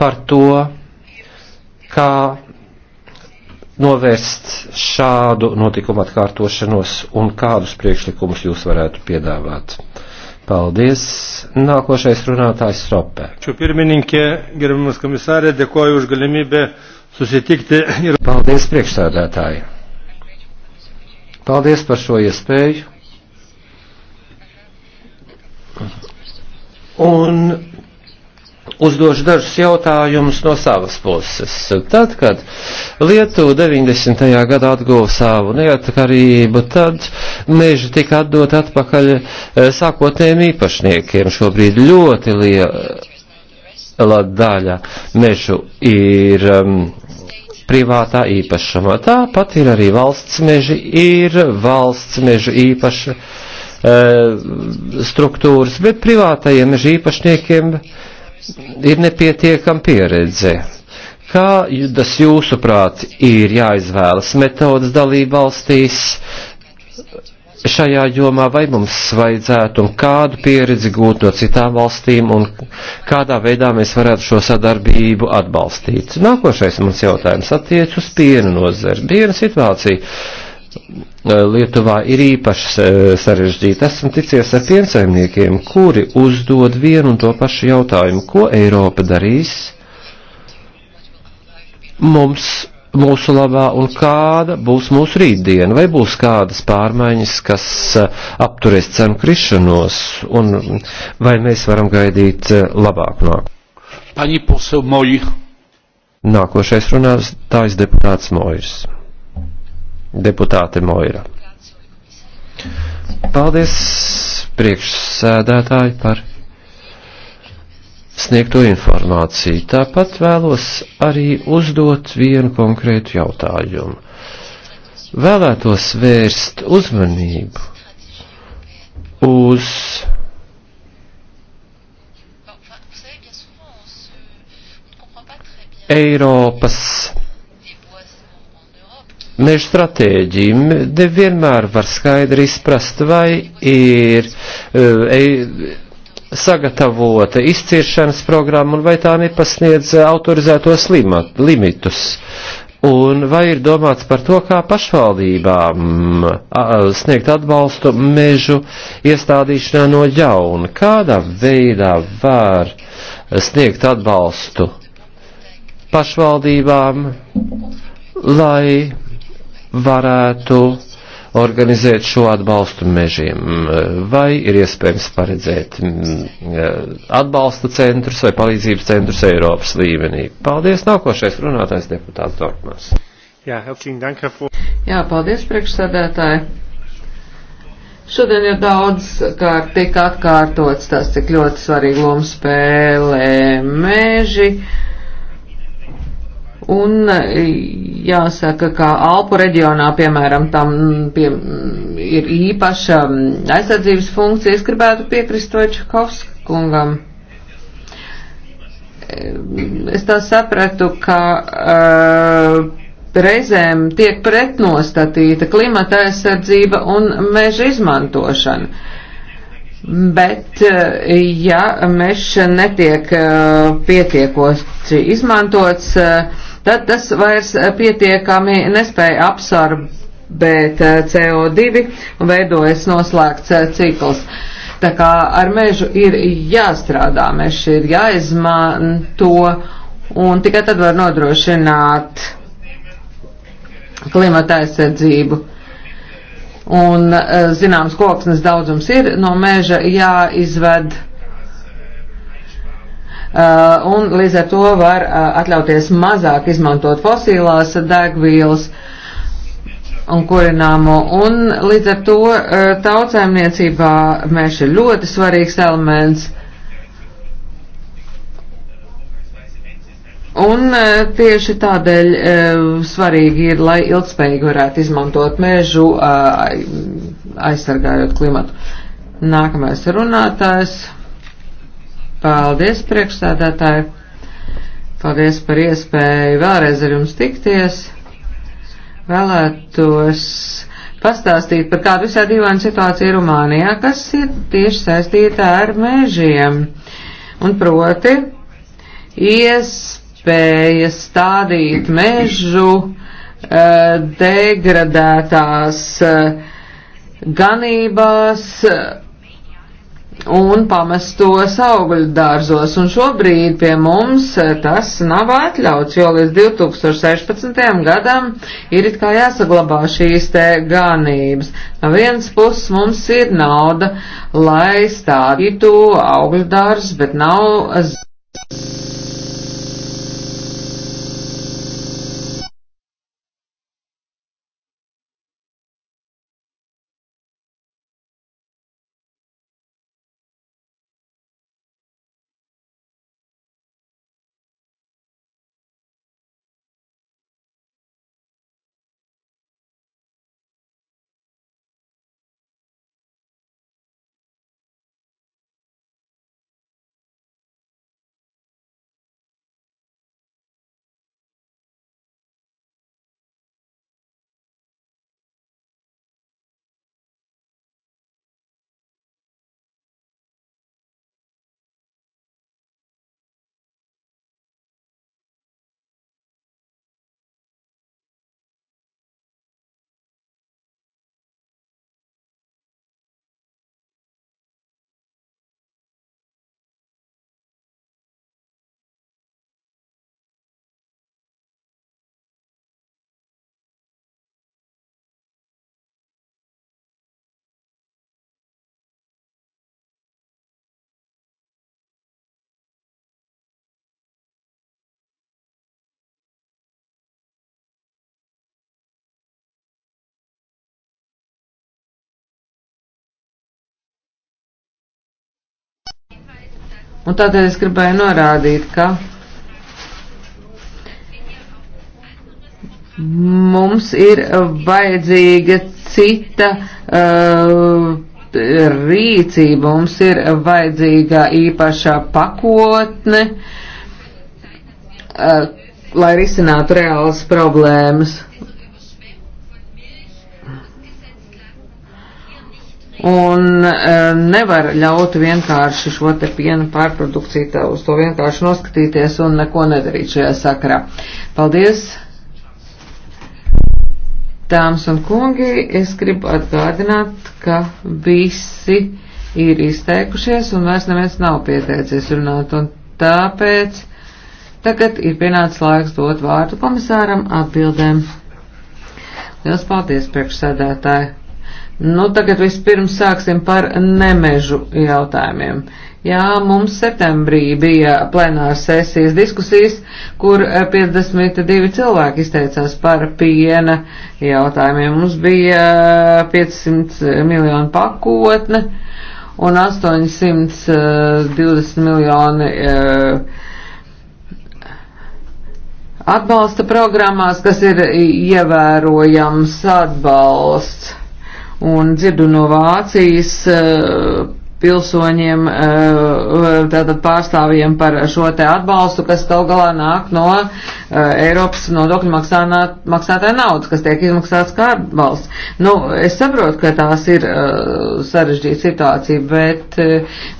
par to, kā novērst šādu notikumu atkārtošanos un kādus priekšlikumus jūs varētu piedāvāt. Paldies. Nākošais runātājs Stropē. Čia pirmininkė, gerbiamas komisarė, dėkoju už galimybę susitikti ir. Paldies priekšsādātāji. Paldies par šo iespēju. Un uzdošu dažus jautājumus no savas puses. Tad, kad Lietuva 90. gadā atguva savu neatkarību, tad meži tika atdot atpakaļ eh, sākotnējiem īpašniekiem. Šobrīd ļoti liela daļa mežu ir. Um, privātā īpašumā. Tāpat ir arī valsts meži, ir valsts mežu īpaša e, eh, struktūras, bet privātajiem mežu īpašniekiem ir nepietiekama pieredze. Kā tas jūsuprāt ir jāizvēlas metodas dalība valstīs šajā jomā, vai mums vajadzētu un kādu pieredzi gūt no citām valstīm un kādā veidā mēs varētu šo sadarbību atbalstīt? Nākošais mums jautājums attiec uz piena nozari. Piena situācija Lietuvā ir īpaši sarežģīti. Esmu ticies ar piensaimniekiem, kuri uzdod vienu un to pašu jautājumu, ko Eiropa darīs mums, mūsu labā un kāda būs mūsu rītdiena, vai būs kādas pārmaiņas, kas apturēs cenu krišanos, un vai mēs varam gaidīt labāku nākotnē. Nākošais runās tājs deputāts Mojers deputāte Moira. Paldies priekšsēdētāji par sniegto informāciju. Tāpat vēlos arī uzdot vienu konkrētu jautājumu. Vēlētos vērst uzmanību uz Eiropas mežu stratēģiju. Nevienmēr var skaidri izprast, vai ir e, sagatavota izciršanas programma un vai tā nepasniedz autorizētos limitus. Un vai ir domāts par to, kā pašvaldībām sniegt atbalstu mežu iestādīšanā no jauna? Kādā veidā var sniegt atbalstu pašvaldībām, lai varētu organizēt šo atbalstu mežiem, vai ir iespējams paredzēt mm, atbalsta centrus vai palīdzības centrus Eiropas līmenī. Paldies, nākošais runātājs deputāts Dortmans. Jā, Jā, paldies, priekšsēdētāji. Šodien ir daudz kārt tik atkārtots tas, cik ļoti svarīgi lomu spēlē meži Un e, jāsaka, ka Alpu reģionā, piemēram, tam pie, ir īpaša aizsardzības funkcija. Es gribētu piekrist Vojčakovska kungam. E, es tā sapratu, ka uh, reizēm tiek pretnostatīta klimata aizsardzība un meža izmantošana. Uh, Bet, ja mežs netiek pietiekoši izmantots, tad tas vairs eh, pietiekami nespēja absorbēt eh, CO2 un veidojas noslēgts eh, cikls. Tā kā ar mežu ir jāstrādā, meži ir jāizmanto un tikai tad var nodrošināt klimata aizsardzību. Un zināms koksnes daudzums ir no meža jāizved Uh, un līdz ar to var uh, atļauties mazāk izmantot fosīlās degvielas un kurināmo. Un līdz ar to uh, tautsēmniecībā meša ir ļoti svarīgs elements. Un tieši tādēļ svarīgi ir, lai ilgspējīgi varētu izmantot mežu, aizsargājot klimatu. Nākamais runātājs. Paldies, priekšsēdētāji! Paldies par iespēju vēlreiz ar jums tikties. Vēlētos pastāstīt par kādu visai dīvainu situāciju Rumānijā, kas ir tieši saistīta ar mēžiem. Un proti, iespēja stādīt mežu eh, degradētās eh, ganībās un pamest tos augļu dārzos, un šobrīd pie mums eh, tas nav atļauts, jo līdz 2016. gadam ir it kā jāsaglabā šīs te ganības. No vienas puses mums ir nauda, lai stādītu augļu dārzus, bet nav. Z Un tādēļ es gribēju norādīt, ka mums ir vajadzīga cita uh, rīcība, mums ir vajadzīga īpašā pakotne, uh, lai risinātu reālas problēmas. un e, nevar ļaut vienkārši šo te piena pārprodukciju tā uz to vienkārši noskatīties un neko nedarīt šajā sakarā. Paldies! Dāmas un kungi, es gribu atgādināt, ka visi ir izteikušies un vairs neviens nav pieteicies runāt, un tāpēc tagad ir pienācis laiks dot vārdu komisāram atbildēm. Liels paldies, priekšsēdētāji! Nu, tagad vispirms sāksim par nemežu jautājumiem. Jā, mums septembrī bija plenāras sesijas diskusijas, kur 52 eh, cilvēki izteicās par piena jautājumiem. Mums bija 500 eh, miljonu pakotne un 820 eh, miljoni atbalsta programmās, kas ir ievērojams atbalsts un dzirdu no Vācijas eh, pilsoņiem, eh, tātad pārstāvjiem par šo te atbalstu, kas gal galā nāk no eh, Eiropas nodokļu maksātāja naudas, kas tiek izmaksāts kā atbalsts. Nu, es saprotu, ka tās ir eh, sarežģīta situācija, bet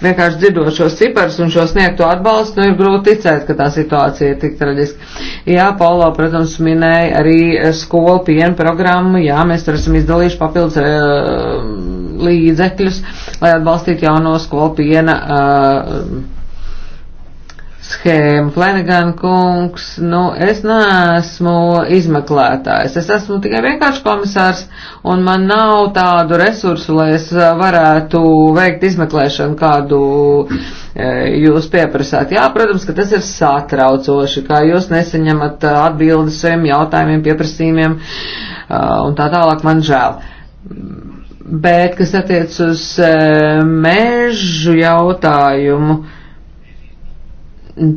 vienkārši dzirdot šos cipars un šo sniegto atbalstu, nu, ir grūti ticēt, ka tā situācija ir tik traģiska. Jā, Paulo, protams, minēja arī skolu pienu programmu, jā, mēs esam izdalījuši papildus līdzekļus, lai atbalstītu jauno skolopiena uh, schēmu. Flanagan kungs, nu, es neesmu izmeklētājs, es esmu tikai vienkārši komisārs, un man nav tādu resursu, lai es varētu veikt izmeklēšanu, kādu uh, jūs pieprasāt. Jā, protams, ka tas ir satraucoši, kā jūs nesaņemat atbildes saviem jautājumiem, pieprasījumiem, uh, un tā tālāk man žēl. Uh, bet kas attiec uz eh, mēžu jautājumu,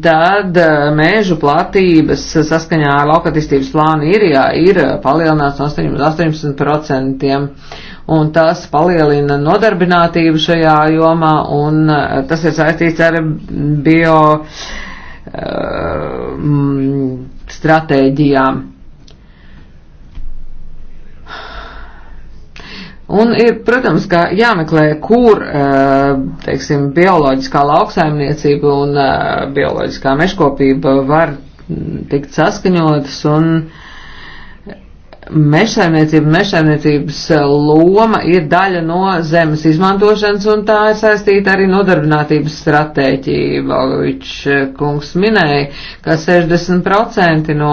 tad eh, mēžu platības saskaņā ar laukatistības plānu Irijā ir palielināts no 18%, un tas palielina nodarbinātību šajā jomā, un eh, tas ir saistīts ar bio uh, stratēģijām. Un ir, protams, ka jāmeklē, kur, eh, teiksim, bioloģiskā lauksaimniecība un eh, bioloģiskā meškopība var mm, tikt saskaņotas un uh, Mežsaimniecība, mežsaimniecības eh, loma ir daļa no zemes izmantošanas, un tā ir saistīta arī nodarbinātības stratēģija. Valvič eh, kungs minēja, ka 60% no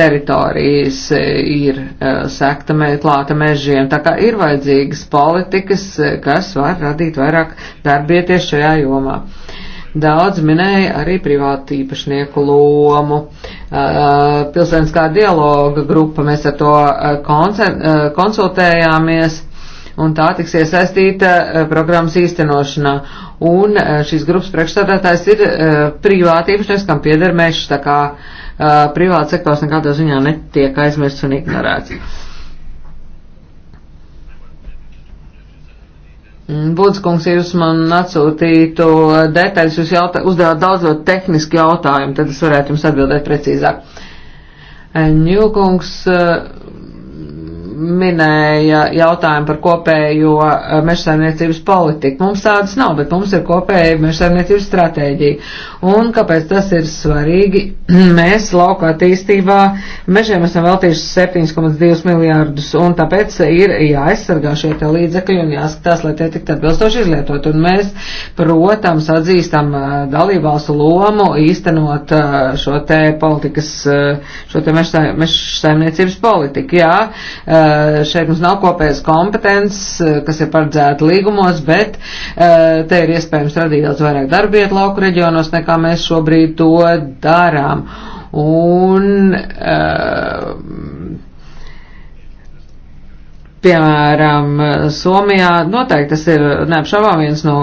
teritorijas eh, ir sekta klāta mežiem, tā kā ir vajadzīgas politikas, kas var radīt vairāk darbieties šajā jomā. Daudz minēja arī privātu īpašnieku lomu. Uh, uh, pilsētiskā dialoga grupa mēs ar to uh, konsultējāmies un tā tiks iesaistīta programmas īstenošanā. Un šīs grupas priekšstādātājs ir privāti īpašnieks, kam pieder mežs, tā kā privāts sektors nekādā ziņā netiek aizmirsts un ignorēts. Mm, Budskungs ir uz man atsūtītu uh, detaļas, jūs jautā, uzdevāt daudz ļoti tehniski jautājumu, tad es varētu jums atbildēt precīzāk. Ņūkungs uh, minēja jautājumu par kopējo eh, mežsaimniecības politiku. Mums tādas nav, bet mums ir kopēja mežsaimniecības stratēģija. Un kāpēc tas ir svarīgi? Mēs lauka attīstībā mežiem esam veltījuši 7,2 miljārdus, un tāpēc ir jāaizsargā šie te līdzekļi un jāskatās, lai tie tiktu atbilstoši izlietot. Un mēs, protams, atzīstam eh, dalībvalstu lomu īstenot eh, šo te politikas, šo te mežsaimniecības politiku. Jā, Eh, šeit mums nav kopējas kompetences, eh, kas ir paredzēta līgumos, bet eh, te ir iespējams radīt daudz vairāk darbvietu lauku reģionos, nekā mēs šobrīd to darām. Un, Piemēram, Somijā noteikti tas ir neapšaubām viens no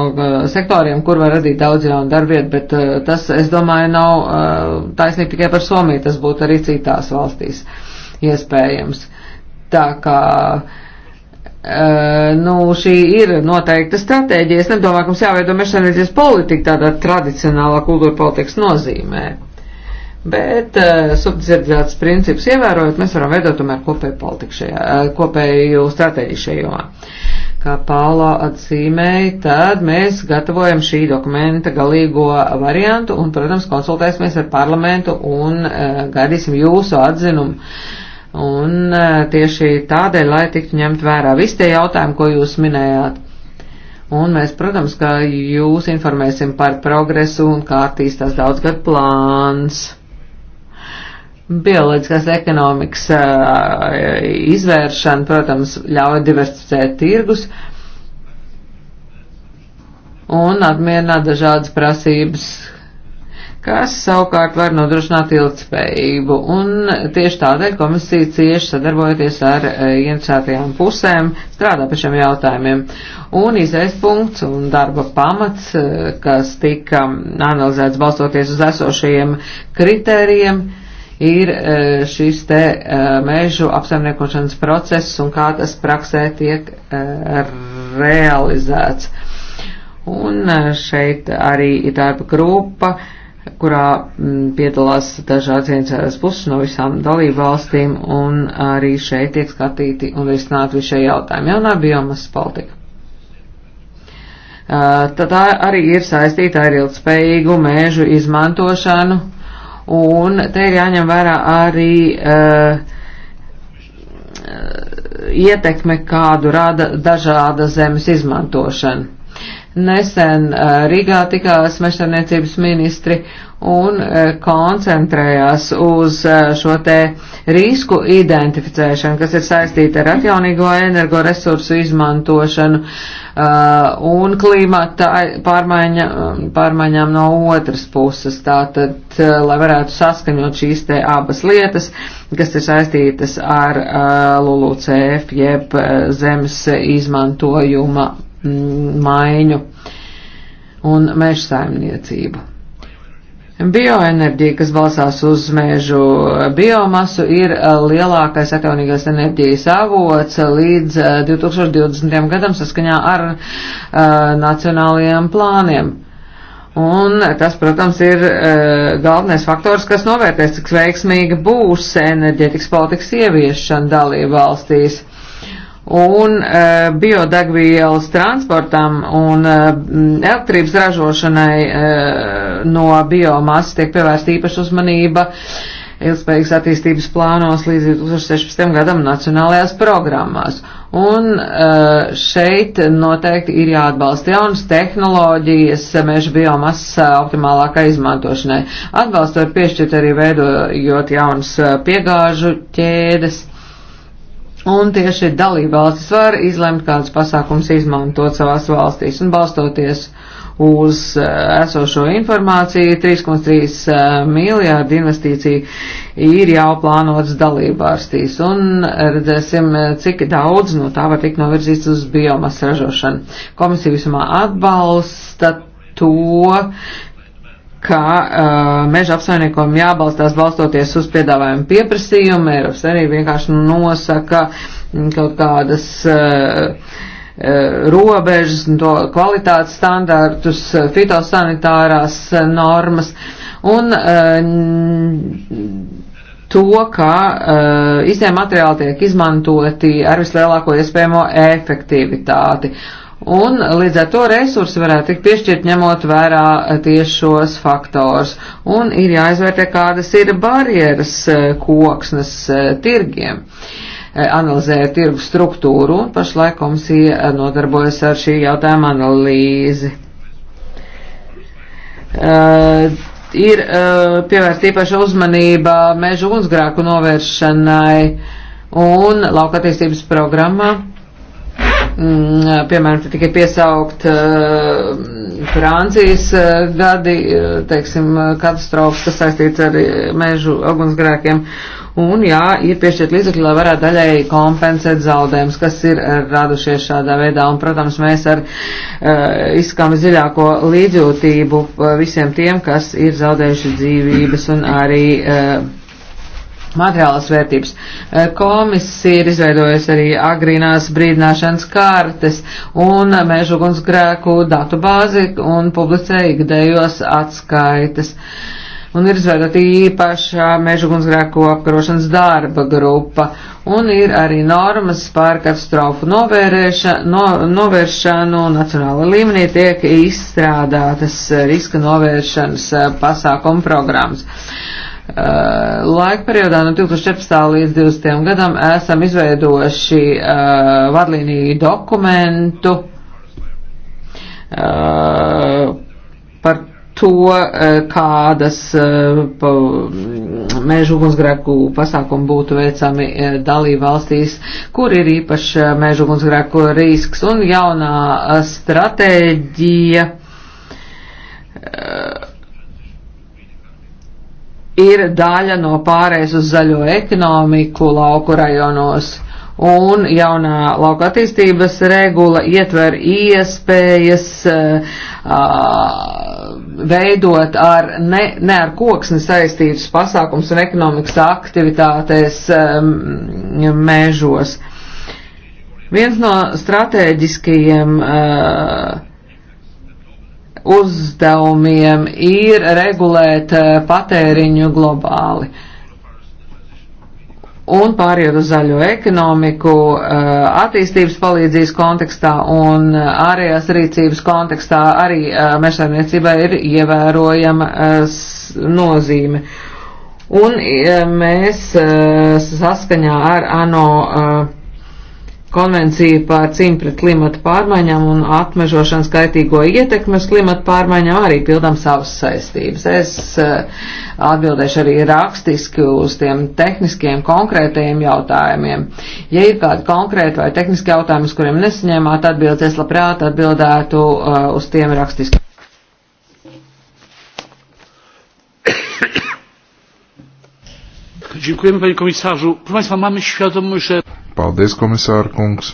sektoriem, kur var radīt daudz jaunu darbvietu, bet tas, es domāju, nav taisnība tikai par Somiju, tas būtu arī citās valstīs iespējams. Tā kā, uh, nu, šī ir noteikta stratēģija. Es nedomāju, ka mums jāveido mešanīties politika tādā tradicionālā kultūra politikas nozīmē. Bet uh, eh, subsidiaritātes principus ievērojot, mēs varam veidot tomēr kopēju politiku šajā, uh, kopēju stratēģiju šajā jomā. Kā Pāla atzīmēja, tad mēs gatavojam šī dokumenta galīgo variantu un, protams, konsultēsimies ar parlamentu un uh, gaidīsim jūsu atzinumu. Uh, Un e, tieši tādēļ, lai tiktu ņemt vērā visi tie jautājumi, ko jūs minējāt. Un mēs, protams, ka jūs informēsim par progresu un kā attīstās daudzgad plāns. Bioloģiskās ekonomikas e, izvēršana, protams, ļauj diversificēt tirgus un apmierināt dažādas prasības, kas savukārt var nodrošināt ilgspējību. Un tieši tādēļ komisija cieši sadarbojoties ar e, ienčētajām pusēm strādā pie šiem jautājumiem. Un izējas punkts un darba pamats, e, kas tika analizēts balstoties uz esošajiem kritērijiem, ir e, šis te mežu apsaimniekošanas process un kā tas praksē tiek realizēts. Un šeit arī ir darba grupa, uh, kurā mm, piedalās dažādas viencēras puses no visām dalību valstīm, un arī šeit tiek skatīti un risināt visi šie jautājumi. Jaunā biomasas politika. Tad tā arī ir saistīta ar ilgspējīgu mēžu izmantošanu, un te ir jāņem vērā arī uh, ietekme, kādu rada dažāda zemes izmantošana. Nesen Rīgā tikās mežsaimniecības ministri un e, koncentrējās uz e, šo te risku identificēšanu, kas ir saistīta ar atjaunīgo energoresursu izmantošanu e, un klimata pārmaiņa, pārmaiņām no otras puses. Tātad, lai varētu saskaņot šīs te abas lietas, kas ir saistītas ar LULUCF jeb zemes izmantojuma maiņu un mežsaimniecību. Bioenerģija, kas balsās uz mēžu biomasu, ir eh, lielākais atjaunīgās enerģijas avots līdz 2020. Eh, gadam saskaņā ar uh, nacionālajiem plāniem. Un tas, protams, ir uh, galvenais faktors, kas novērtēs, cik veiksmīga būs enerģētikas politikas ieviešana dalība valstīs. Un uh, biodegvielas transportam un uh, elektrības ražošanai uh, no biomasas tiek pievērsta īpaša uzmanība ilgspējīgas attīstības plānos līdz 2016. gadam nacionālajās programmās. Un eh, šeit noteikti ir jāatbalsta jaunas tehnoloģijas meža biomasas eh, optimālākai izmantošanai. Atbalstu var piešķirt arī veidojot jaunas eh, piegāžu ķēdes. Un tieši dalībvalstis var izlemt, kādas pasākums izmantot savās valstīs un balstoties uz eh, esošo informāciju. 3,3 eh, miljārdi investīciju ir jau plānotas dalībvārstīs un eh, redzēsim, cik daudz no tā var tikt novirzīts uz biomas ražošanu. Komisija vismā atbalsta to, ka uh, meža apsaimniekojumu jābalstās balstoties uz piedāvājumu pieprasījumu. Eiropas arī vienkārši nosaka mm, kaut kādas uh, Eh, robežas, to kvalitātes standārtus, eh, fitosanitārās eh, normas un to, ka izņēma materiāli tiek izmantoti ar vislielāko iespējamo efektivitāti. Un līdz ar to resursi varētu tikt piešķirt ņemot vērā tieši šos faktors. Un ir jāizvērtē, kādas ir barjeras koksnes tirgiem. Uh, Eh, analizēja tirgu struktūru, un pašlaik komisija eh, nodarbojas ar šī jautājuma analīzi. Uh, ir uh, pievērsta īpaša uzmanība mežu ugunsgrāku novēršanai un lauka attīstības programmā. Mm, piemēram, tikai piesaukt uh, Francijas uh, gadi, teiksim, katastrofas, kas saistīts ar mežu ugunsgrēkiem un jā, ir piešķirt līdzekļi, lai varētu daļēji kompensēt zaudējumus, kas ir eh, radušies šādā veidā, un, protams, mēs ar uh, eh, izskām dziļāko līdzjūtību eh, visiem tiem, kas ir zaudējuši dzīvības un arī uh, materiālas vērtības. Komisija ir izveidojusi arī agrīnās brīdināšanas kārtas un mēžugunsgrēku datu bāzi un publicē ikdējos atskaitas. Uh, un ir izveidota īpaša meža gunsgrēku apkarošanas darba grupa, un ir arī normas par katastrofu no, novēršanu nacionāla līmenī tiek izstrādātas riska novēršanas eh, pasākumu programmas. Uh, laika periodā no 2014. līdz 2020. gadam esam izveidojuši uh, vadlīniju dokumentu uh, par to, eh, kādas eh, mm, mēžu ugunsgrēku pasākumi būtu veicami eh, dalību valstīs, kur ir īpaši mēžu ugunsgrēku risks un jaunā stratēģija ir daļa no pārējais uz zaļo ekonomiku lauku rajonos. Uh, un jaunā lauka attīstības regula ietver iespējas uh, veidot ar ne, ne ar koksni saistītus pasākums un ekonomikas aktivitātēs um, mēžos. Viens no stratēģiskajiem uh, uzdevumiem ir regulēt uh, patēriņu globāli. Uh, un pāriet uz zaļo ekonomiku eh, attīstības palīdzības kontekstā un eh, ārējās rīcības kontekstā arī eh, mežsaimniecībai ir ievērojama nozīme. Un mēs saskaņā ar ANO Konvencija par cīņu pret klimatu pārmaiņām un atmežošanas kaitīgo ietekmes klimatu pārmaiņām arī pildām savas saistības. Es eh, atbildēšu arī rakstiski uz tiem tehniskiem konkrētajiem jautājumiem. Ja ir kādi konkrēti vai tehniski jautājumi, uz kuriem nesaņēmāt atbildes, es labprāt atbildētu eh, uz tiem rakstiski. dziękujemy panie komisarzu. Proszę państwa, mamy świadomość, że... Paldies, komisāra kungs.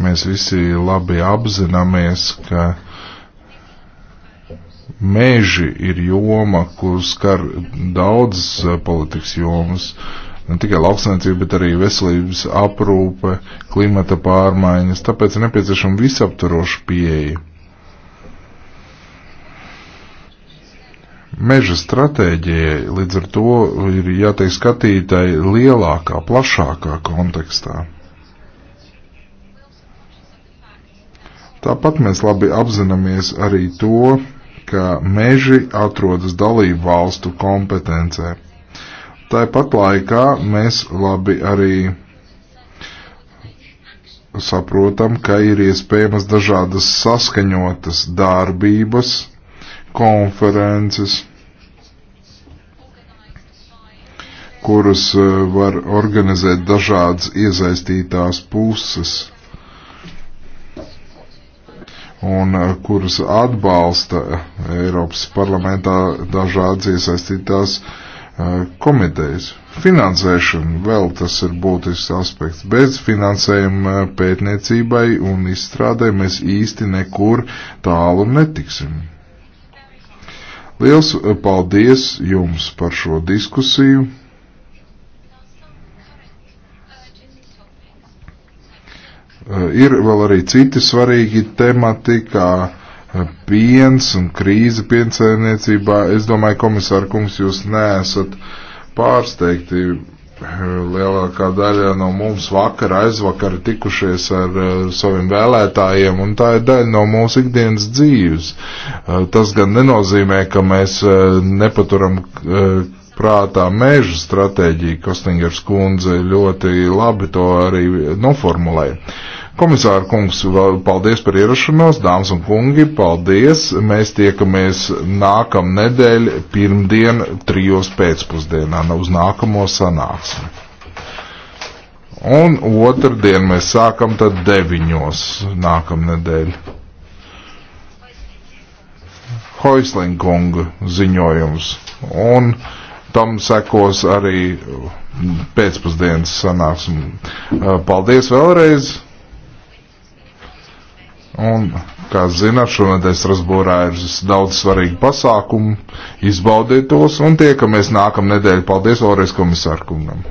Mēs visi labi apzināmies, ka meži ir joma, kur skar daudz eh, politikas jomas, ne tikai lauksainicība, bet arī veselības aprūpe, klimata pārmaiņas, tāpēc ir nepieciešama visaptvaroša pieeja meža stratēģijai, līdz ar to ir jātiek skatītai lielākā, plašākā kontekstā. Tāpat mēs labi apzināmies arī to, ka meži atrodas dalību valstu kompetencē. Tāpat laikā mēs labi arī saprotam, ka ir iespējamas dažādas saskaņotas darbības, konferences kurus eh, var organizēt dažādas iesaistītās puses un eh, kurus atbalsta eh, Eiropas parlamentā dažādas iesaistītās komitejas. Finansēšana vēl tas ir būtisks aspekts. Bez finansējuma pētniecībai un izstrādē mēs īsti nekur tālu netiksim. Liels paldies jums par šo diskusiju. Eh, ir vēl arī citi svarīgi temati, kā eh, piens un krīze piensaimniecībā. Es domāju, komisāra kungs, jūs neesat pārsteigti. Eh, lielākā daļa no mums vakar aizvakar tikušies ar uh, saviem vēlētājiem, un tā ir daļa no mūsu ikdienas dzīves. Uh, tas gan nenozīmē, ka mēs uh, nepaturam uh, prātā meža stratēģija, Kostingers kundze ļoti labi to arī noformulēja. Komisāra kungs, paldies par ierašanos, dāmas un kungi, paldies. Mēs tiekamies nākam nedēļ, pirmdien, trijos pēcpusdienā, nu, uz nākamo sanāksmi. Un otrdien mēs sākam tad deviņos nākam nedēļ. Hoislinkunga ziņojums. Un tam sekos arī pēcpusdienas sanāksme. Paldies vēlreiz! Un, kā zināt, šonadēļ Strasbūrā ir daudz svarīgu pasākumu, izbaudiet tos un tiekamies nākamnedēļ. Paldies vēlreiz komisārkungam!